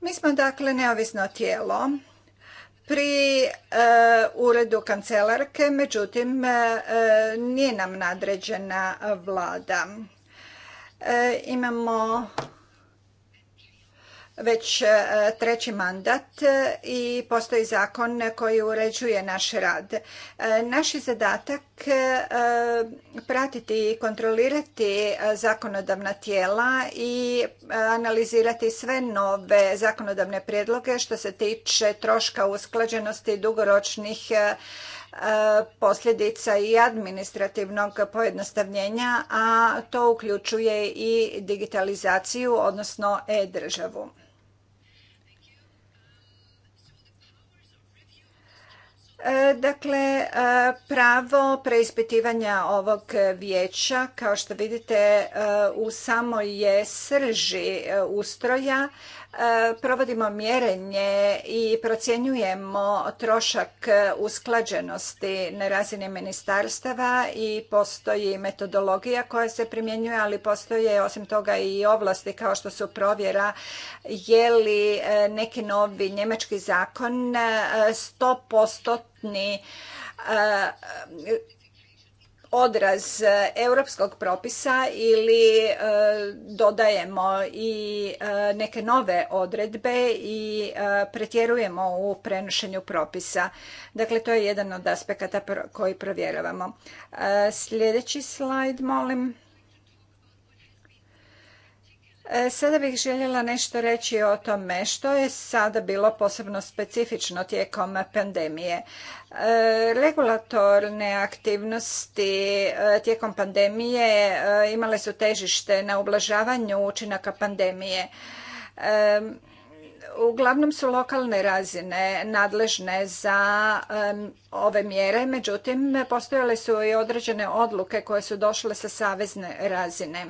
Speaker 2: Mi smo dakle neovisno tijelo pri e, uredu kancelarke, međutim e, nije nam nadređena vlada. E, imamo već e, treći mandat e, i postoji zakon koji uređuje naš rad. E, naš je zadatak pratiti i kontrolirati zakonodavna tijela i analizirati sve nove zakonodavne prijedloge što se tiče troška usklađenosti dugoročnih posljedica i administrativnog pojednostavljenja, a to uključuje i digitalizaciju, odnosno e-državu. E, dakle, e, pravo preispitivanja ovog vijeća, kao što vidite, e, u samoj je srži ustroja E, provodimo mjerenje i procjenjujemo trošak e, usklađenosti na razini ministarstava i postoji metodologija koja se primjenjuje, ali postoje osim toga i ovlasti kao što su provjera je li e, neki novi njemački zakon 100% odraz e, europskog propisa ili e, dodajemo i e, neke nove odredbe i pretjerujemo u prenošenju propisa. Dakle, to je jedan od aspekata koji provjeravamo. Sljedeći slajd, molim. E, sada bih željela nešto reći o tome što je sada bilo posebno specifično tijekom pandemije. E, regulatorne aktivnosti e, tijekom pandemije imale su težište na ublažavanju učinaka pandemije. Uglavnom su lokalne razine nadležne za ove mjere, međutim postojale su i određene odluke koje su došle sa savezne razine.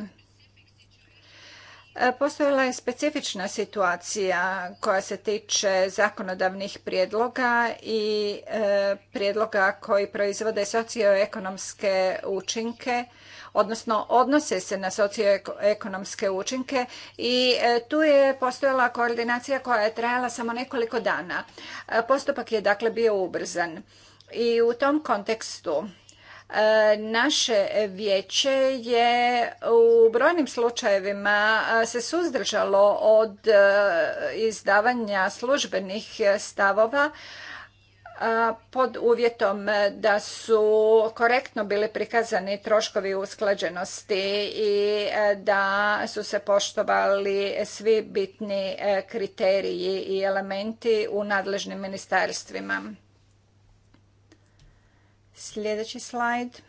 Speaker 2: E, postojala je specifična situacija koja se tiče zakonodavnih prijedloga i e, prijedloga koji proizvode socioekonomske učinke, odnosno odnose se na socioekonomske učinke i e, tu je postojala koordinacija koja je trajala samo nekoliko dana. Postupak je dakle bio ubrzan i u tom kontekstu Naše vijeće je u brojnim slučajevima se suzdržalo od e, izdavanja službenih stavova pod uvjetom da su korektno bili prikazani troškovi usklađenosti i e, da su se poštovali svi bitni e, kriteriji i elementi u nadležnim ministarstvima. Sljedeći slajd.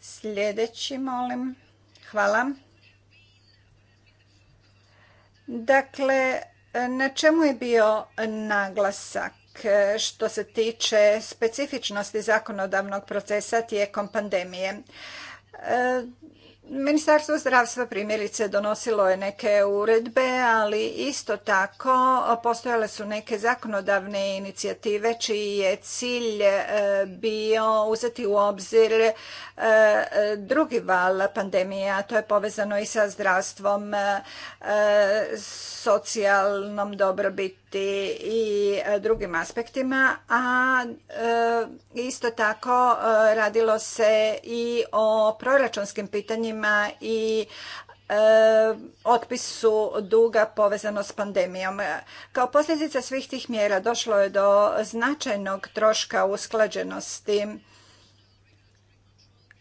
Speaker 2: Sljedeći, molim. Hvala. Dakle, na čemu je bio naglasak što se tiče specifičnosti zakonodavnog procesa tijekom pandemije? Ministarstvo zdravstva primjerice donosilo je neke uredbe, ali isto tako postojale su neke zakonodavne inicijative čiji je cilj e, bio uzeti u obzir e, drugi val pandemije, a to je povezano i sa zdravstvom, e, socijalnom dobrobiti i e, drugim aspektima, a e, isto tako e, radilo se i o proračunskim pitanjima i otpisu duga povezano s pandemijom. Kao posljedica svih tih mjera došlo je do značajnog troška usklađenosti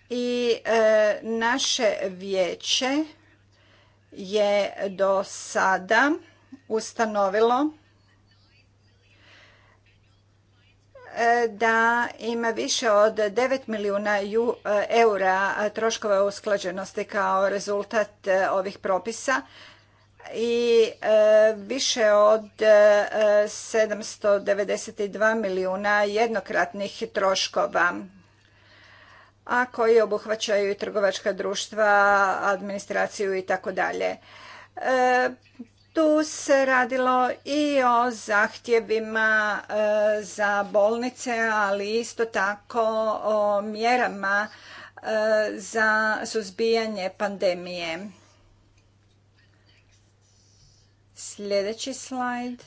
Speaker 2: i naše vijeće je do sada ustanovilo da ima više od 9 milijuna e, eura troškova usklađenosti kao rezultat e, ovih propisa i e, više od 792 milijuna jednokratnih troškova a koji obuhvaćaju i trgovačka društva, administraciju i tako dalje. Tu se radilo i o zahtjevima e, za bolnice, ali isto tako o mjerama e, za suzbijanje pandemije. Sljedeći slajd.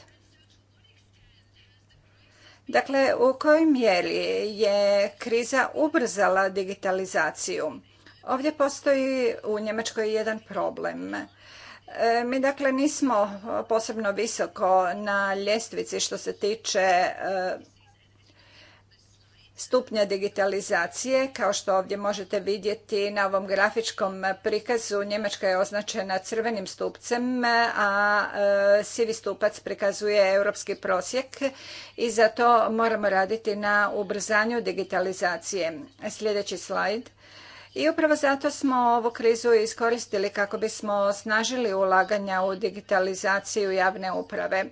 Speaker 2: Dakle, u kojoj mjeri je kriza ubrzala digitalizaciju? Ovdje postoji u Njemačkoj jedan problem – E, mi dakle nismo e, posebno visoko na ljestvici što se tiče e, stupnja digitalizacije. Kao što ovdje možete vidjeti na ovom grafičkom prikazu Njemačka je označena crvenim stupcem, a sivi stupac prikazuje europski prosjek i zato moramo raditi na ubrzanju digitalizacije. Sljedeći slajd. I upravo zato smo ovu krizu iskoristili kako bismo snažili ulaganja u digitalizaciju javne uprave.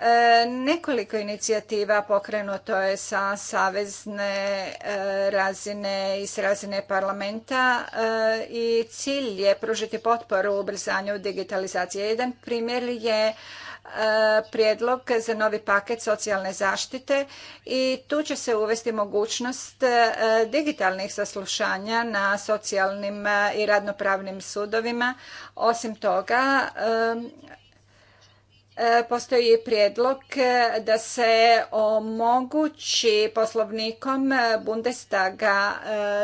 Speaker 2: E, nekoliko inicijativa pokrenuto je sa savezne e, razine i s razine parlamenta e, i cilj je pružiti potporu ubrzanju digitalizacije. Jedan primjer je E, prijedlog za novi paket socijalne zaštite i tu će se uvesti mogućnost e, digitalnih saslušanja na socijalnim e, i radnopravnim sudovima. Osim toga, postoji prijedlog da se omogući poslovnikom Bundestaga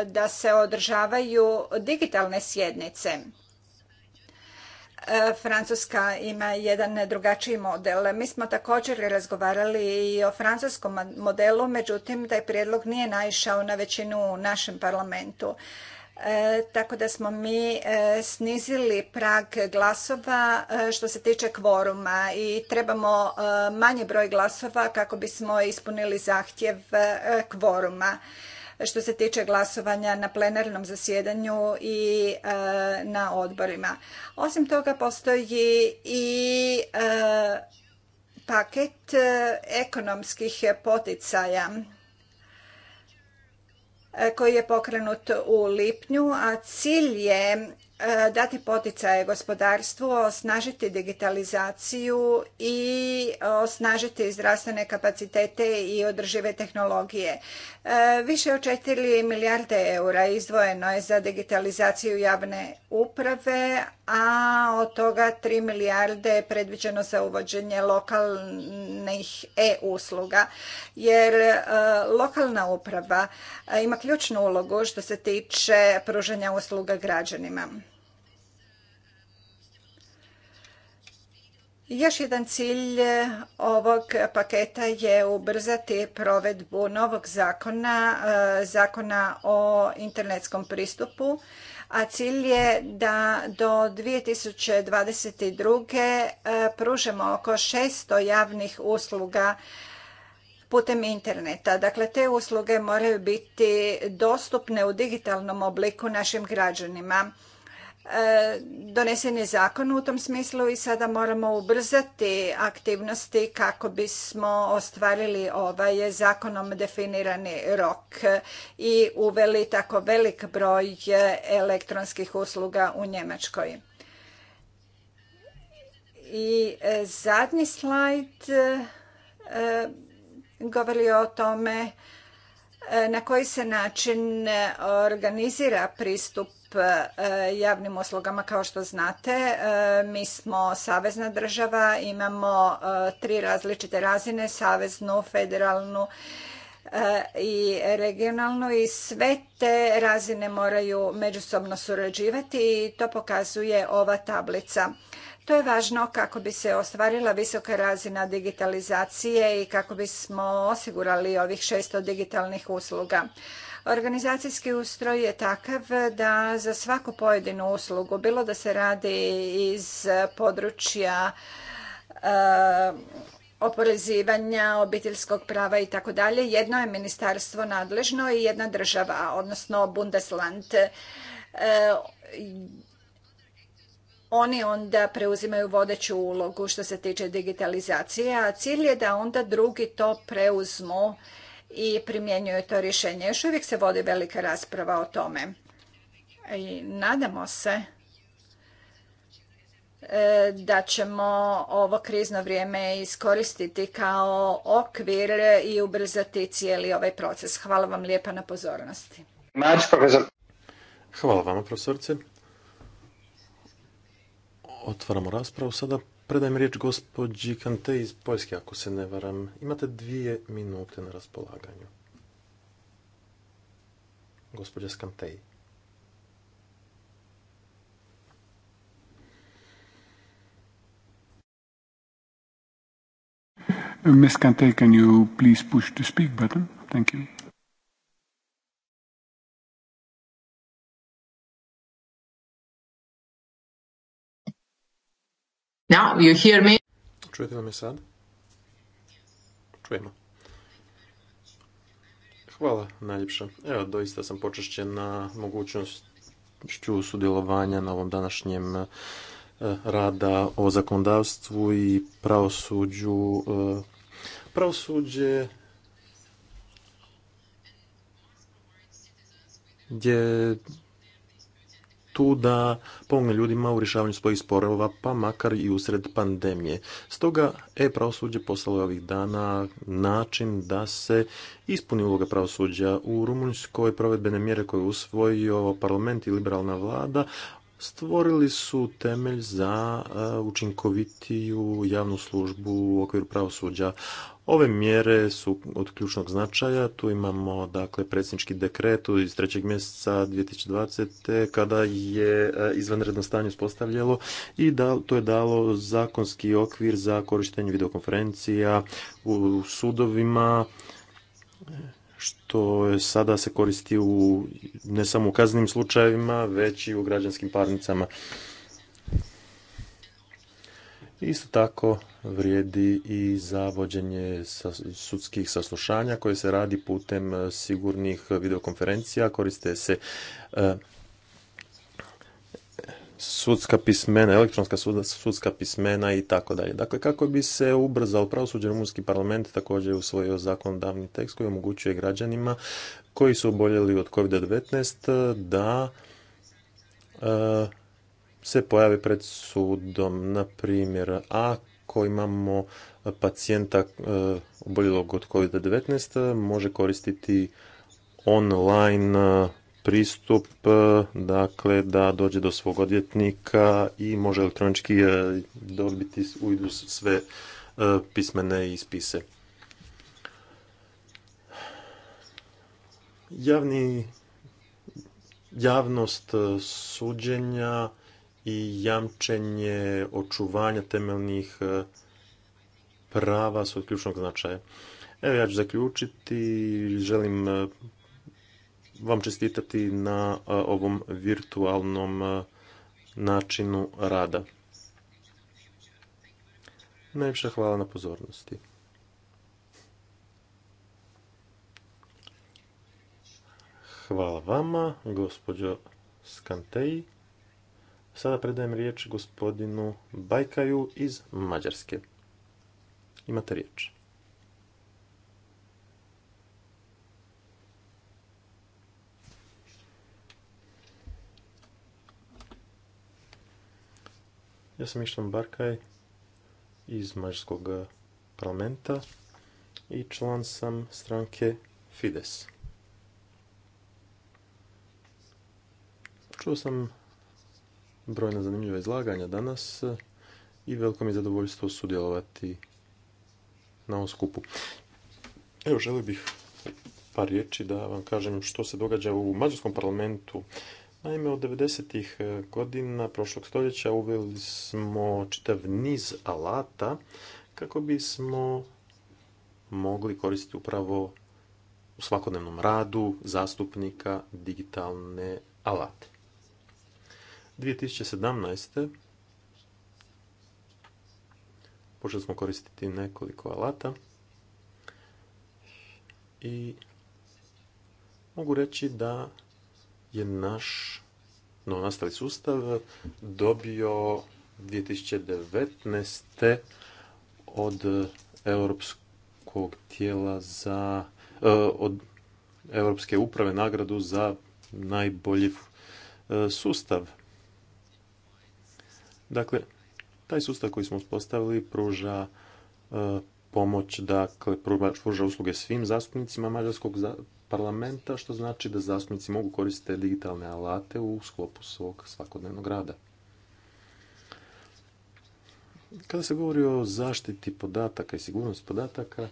Speaker 2: da se održavaju digitalne sjednice. E, Francuska ima jedan drugačiji model. Mi smo također razgovarali i o francuskom modelu, međutim taj prijedlog nije naišao na većinu u našem parlamentu. E, tako da smo mi e, snizili prag glasova e, što se tiče kvoruma i trebamo manji broj glasova kako bismo ispunili zahtjev kvoruma što se tiče glasovanja na plenarnom zasjedanju i e, na odborima. Osim toga postoji i e, paket e, ekonomskih poticaja koji je pokrenut u lipnju, a cilj je dati poticaje gospodarstvu, osnažiti digitalizaciju i osnažiti zdravstvene kapacitete i održive tehnologije. E, više od 4 milijarde eura izdvojeno je za digitalizaciju javne uprave, a od toga 3 milijarde je predviđeno za uvođenje lokalnih e-usluga, jer e, lokalna uprava e, ima ključnu ulogu što se tiče pružanja usluga građanima. Još jedan cilj e, ovog paketa je ubrzati provedbu novog zakona, e, zakona o internetskom pristupu, a cilj je da do 2022. E, pružemo oko 600 javnih usluga putem interneta. Dakle, te usluge moraju biti dostupne u digitalnom obliku našim građanima donesen je zakon u tom smislu i sada moramo ubrzati aktivnosti kako bismo ostvarili ovaj zakonom definirani rok i uveli tako velik broj elektronskih usluga u Njemačkoj. I e, zadnji slajd e, govori o tome e, na koji se način organizira pristup E, javnim uslugama kao što znate. E, mi smo savezna država, imamo e, tri različite razine, saveznu, federalnu i regionalnu i sve te razine moraju međusobno surađivati i to pokazuje ova tablica. To je važno kako bi se ostvarila visoka razina digitalizacije i kako bismo osigurali ovih 600 digitalnih usluga. Organizacijski ustroj je takav da za svaku pojedinu uslugu, bilo da se radi iz područja e, oporezivanja, obiteljskog prava i tako dalje, jedno je ministarstvo nadležno i jedna država, odnosno Bundesland. E, oni onda preuzimaju vodeću ulogu što se tiče digitalizacije, a cilj je da onda drugi to preuzmu i primjenjuje to rješenje. Još uvijek se vodi velika rasprava o tome. I nadamo se e, da ćemo ovo krizno vrijeme iskoristiti kao okvir i ubrzati cijeli ovaj proces. Hvala vam lijepa na pozornosti.
Speaker 4: Hvala vam, profesorce. Otvaramo raspravu sada. Predajem riječ gospođi Kante iz Poljske, ako se ne varam. Imate dvije minute na raspolaganju. Gospodje Skantej.
Speaker 1: Ms. Kante, can you please push the speak button? Thank you. Now, you hear me?
Speaker 4: Čujete li me sad? Čujemo. Hvala najljepša. Evo, doista sam počešćen na mogućnošću sudjelovanja na ovom današnjem e, rada o zakonodavstvu i pravosuđu. E, pravosuđe gdje tu da pomogne ljudima u rješavanju svojih sporova, pa makar i usred pandemije. Stoga e-pravosuđe poslalo je ovih dana način da se ispuni uloga pravosuđa u Rumunjskoj provedbene mjere koje je usvojio parlament i liberalna vlada, stvorili su temelj za e, učinkovitiju javnu službu u okviru pravosuđa. Ove mjere su od ključnog značaja. Tu imamo dakle predsjednički dekret iz 3. mjeseca 2020. kada je e, izvanredno stanje uspostavljalo i da, to je dalo zakonski okvir za korištenje videokonferencija u sudovima što sada se koristi u, ne samo u kaznim slučajevima, već i u građanskim parnicama. Isto tako vrijedi i za vođenje sudskih saslušanja koje se radi putem eh, sigurnih videokonferencija, koriste se eh, sudska pismena, elektronska sudska pismena i tako dalje. Dakle, kako bi se ubrzalo pravosuđe, rumunski parlament također je usvojio zakonodavni tekst koji omogućuje građanima koji su oboljeli od COVID-19 da e, se pojave pred sudom. Na primjer, ako imamo pacijenta e, oboljelog od COVID-19, može koristiti online pristup, e, dakle da dođe do svog odvjetnika i može elektronički e, dobiti u sve e, pismene ispise. Javni, javnost suđenja i jamčenje očuvanja temeljnih prava su od ključnog značaja. Evo ja ću zaključiti, želim vam čestitati na ovom virtualnom načinu rada. Najviše hvala na pozornosti. Hvala vama, gospođo Skanteji. Sada predajem riječ gospodinu Bajkaju iz Mađarske. Imate riječ. Ja sam Mišljan Barkaj iz Mađarskog parlamenta i član sam stranke Fides. Čuo sam brojna zanimljiva izlaganja danas i veliko mi je zadovoljstvo sudjelovati na ovom skupu. Evo, želio bih par riječi da vam kažem što se događa u Mađarskom parlamentu. Naime, od 90. E, godina prošlog stoljeća uveli smo čitav niz alata kako bismo mogli koristiti upravo u svakodnevnom radu zastupnika digitalne alate. 2017. počeli smo koristiti nekoliko alata i mogu reći da je naš novonastali sustav dobio 2019. od europskog tijela za e, od europske uprave nagradu za najbolji e, sustav. Dakle, taj sustav koji smo uspostavili pruža e, pomoć, dakle, pruža usluge svim zastupnicima mađarskog parlamenta, što znači da zastupnici mogu koristiti digitalne alate u sklopu svog svakodnevnog rada. Kada se govori o zaštiti podataka i sigurnosti podataka,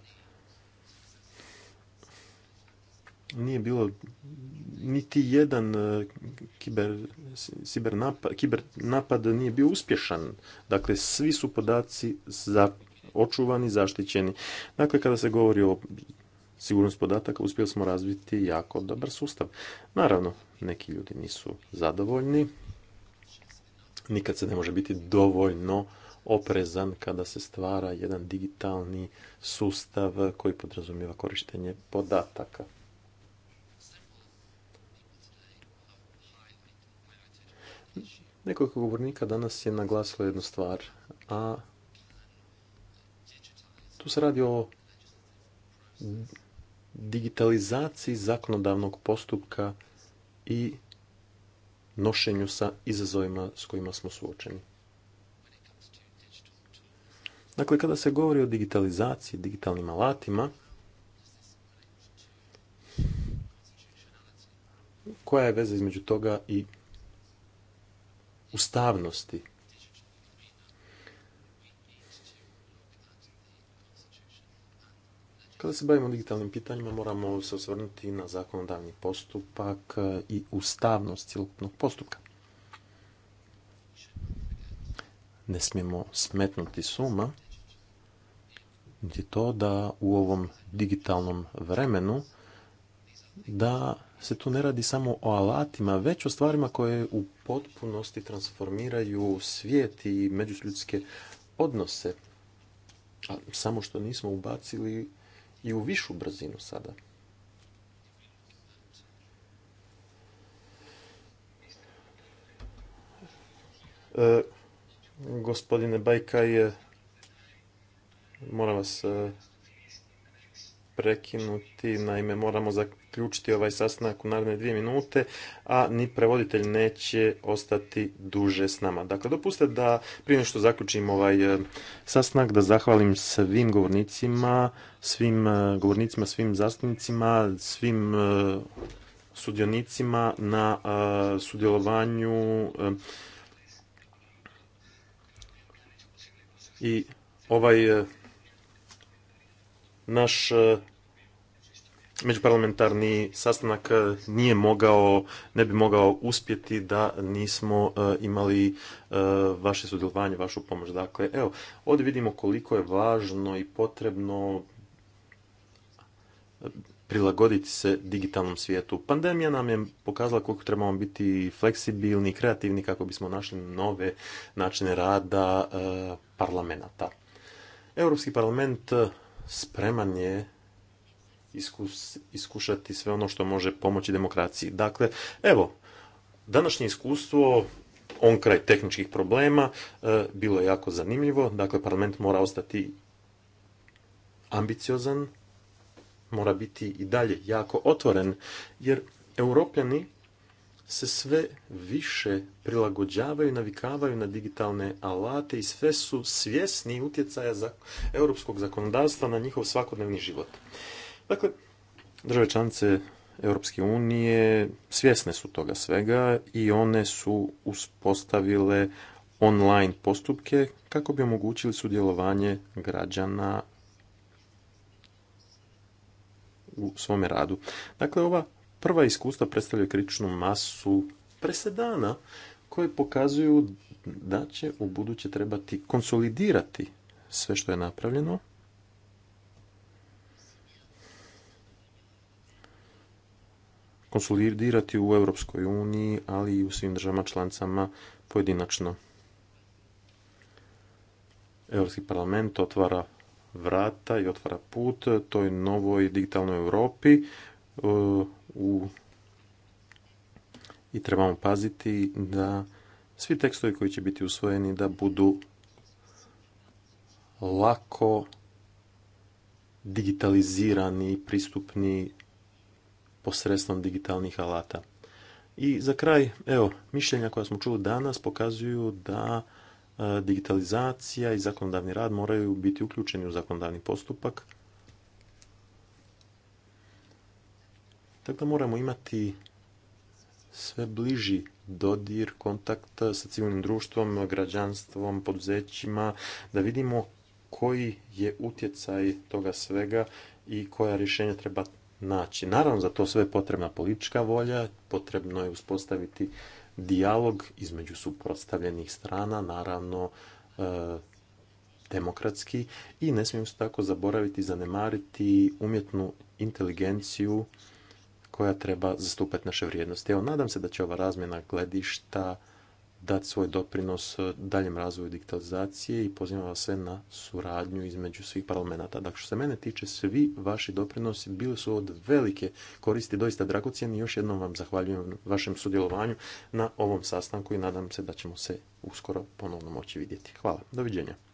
Speaker 4: nije bilo niti jedan e, kiber, napad, napad nije bio uspješan. Dakle, svi su podaci za očuvani, zaštićeni. Dakle, kada se govori o sigurnost podataka uspjeli smo razviti jako dobar sustav. Naravno, neki ljudi nisu zadovoljni. Nikad se ne može biti dovoljno oprezan kada se stvara jedan digitalni sustav koji podrazumijeva korištenje podataka. Nekoliko govornika danas je naglasilo jednu stvar, a tu se radi o digitalizaciji zakonodavnog postupka i nošenju sa izazovima s kojima smo suočeni. Dakle, kada se govori o digitalizaciji, digitalnim alatima, koja je veza između toga i ustavnosti Kada se bavimo digitalnim pitanjima, moramo se osvrnuti na zakonodavni postupak eh, i ustavnost cjelokupnog postupka. Ne smijemo smetnuti suma niti to da u ovom digitalnom vremenu da se tu ne radi samo o alatima, već o stvarima koje u potpunosti transformiraju svijet i međuljudske odnose. A samo što nismo ubacili i u višu brzinu sada. E, gospodine gospodine je moram vas e, prekinuti, naime moramo zaključiti ovaj sastanak u naredne dvije minute, a ni prevoditelj neće ostati duže s nama. Dakle, dopustite da prije što zaključim ovaj eh, sastanak, da zahvalim svim govornicima, svim eh, govornicima, svim zastupnicima, svim eh, sudionicima na sudjelovanju i ovaj naš e, međuparlamentarni sastanak e, nije mogao, ne bi mogao uspjeti da nismo e, imali vaše sudjelovanje, vašu pomoć. Dakle, evo, ovdje vidimo koliko je važno i potrebno prilagoditi se digitalnom svijetu. Pandemija nam je pokazala koliko trebamo biti fleksibilni, i kreativni kako bismo našli nove načine rada parlamenta. Europski parlament spreman je iskušati sve ono što može pomoći demokraciji. Dakle, evo, današnje iskustvo on kraj tehničkih problema e, bilo je jako zanimljivo. Dakle, parlament mora ostati ambiciozan, mora biti i dalje jako otvoren, jer europljani se sve više prilagođavaju, navikavaju na digitalne alate i sve su svjesni utjecaja za europskog zakonodavstva na njihov svakodnevni život. Dakle, države članice Europske unije svjesne su toga svega i one su uspostavile online postupke kako bi omogućili sudjelovanje građana u svome radu. Dakle, ova prva iskustva predstavljaju kritičnu masu presedana koje pokazuju da će u buduće trebati konsolidirati sve što je napravljeno konsolidirati u Europskoj uniji, ali i u svim državama članicama pojedinačno. Europski parlament otvara vrata i otvara put toj novoj digitalnoj Europi e, u i trebamo paziti da svi tekstovi koji će biti usvojeni da budu lako digitalizirani i pristupni posredstvom digitalnih alata. I za kraj, evo, mišljenja koja smo čuli danas pokazuju da e, digitalizacija i zakonodavni rad moraju biti uključeni u zakonodavni postupak da moramo imati sve bliži dodir, kontakt sa civilnim društvom, građanstvom, poduzećima, da vidimo koji je utjecaj toga svega i koja rješenja treba naći. Naravno, za to sve je potrebna politička volja, potrebno je uspostaviti dijalog između suprotstavljenih strana, naravno e, demokratski i ne smijemo se tako zaboraviti, zanemariti umjetnu inteligenciju koja treba zastupati naše vrijednosti. Evo, nadam se da će ova razmjena gledišta dati svoj doprinos daljem razvoju digitalizacije i pozivam vas sve na suradnju između svih parlamenta. Dakle, što se mene tiče, svi vaši doprinosi bili su od velike koristi, doista dragocjeni. Još jednom vam zahvaljujem vašem sudjelovanju na ovom sastanku i nadam se da ćemo se uskoro ponovno moći vidjeti. Hvala, doviđenja.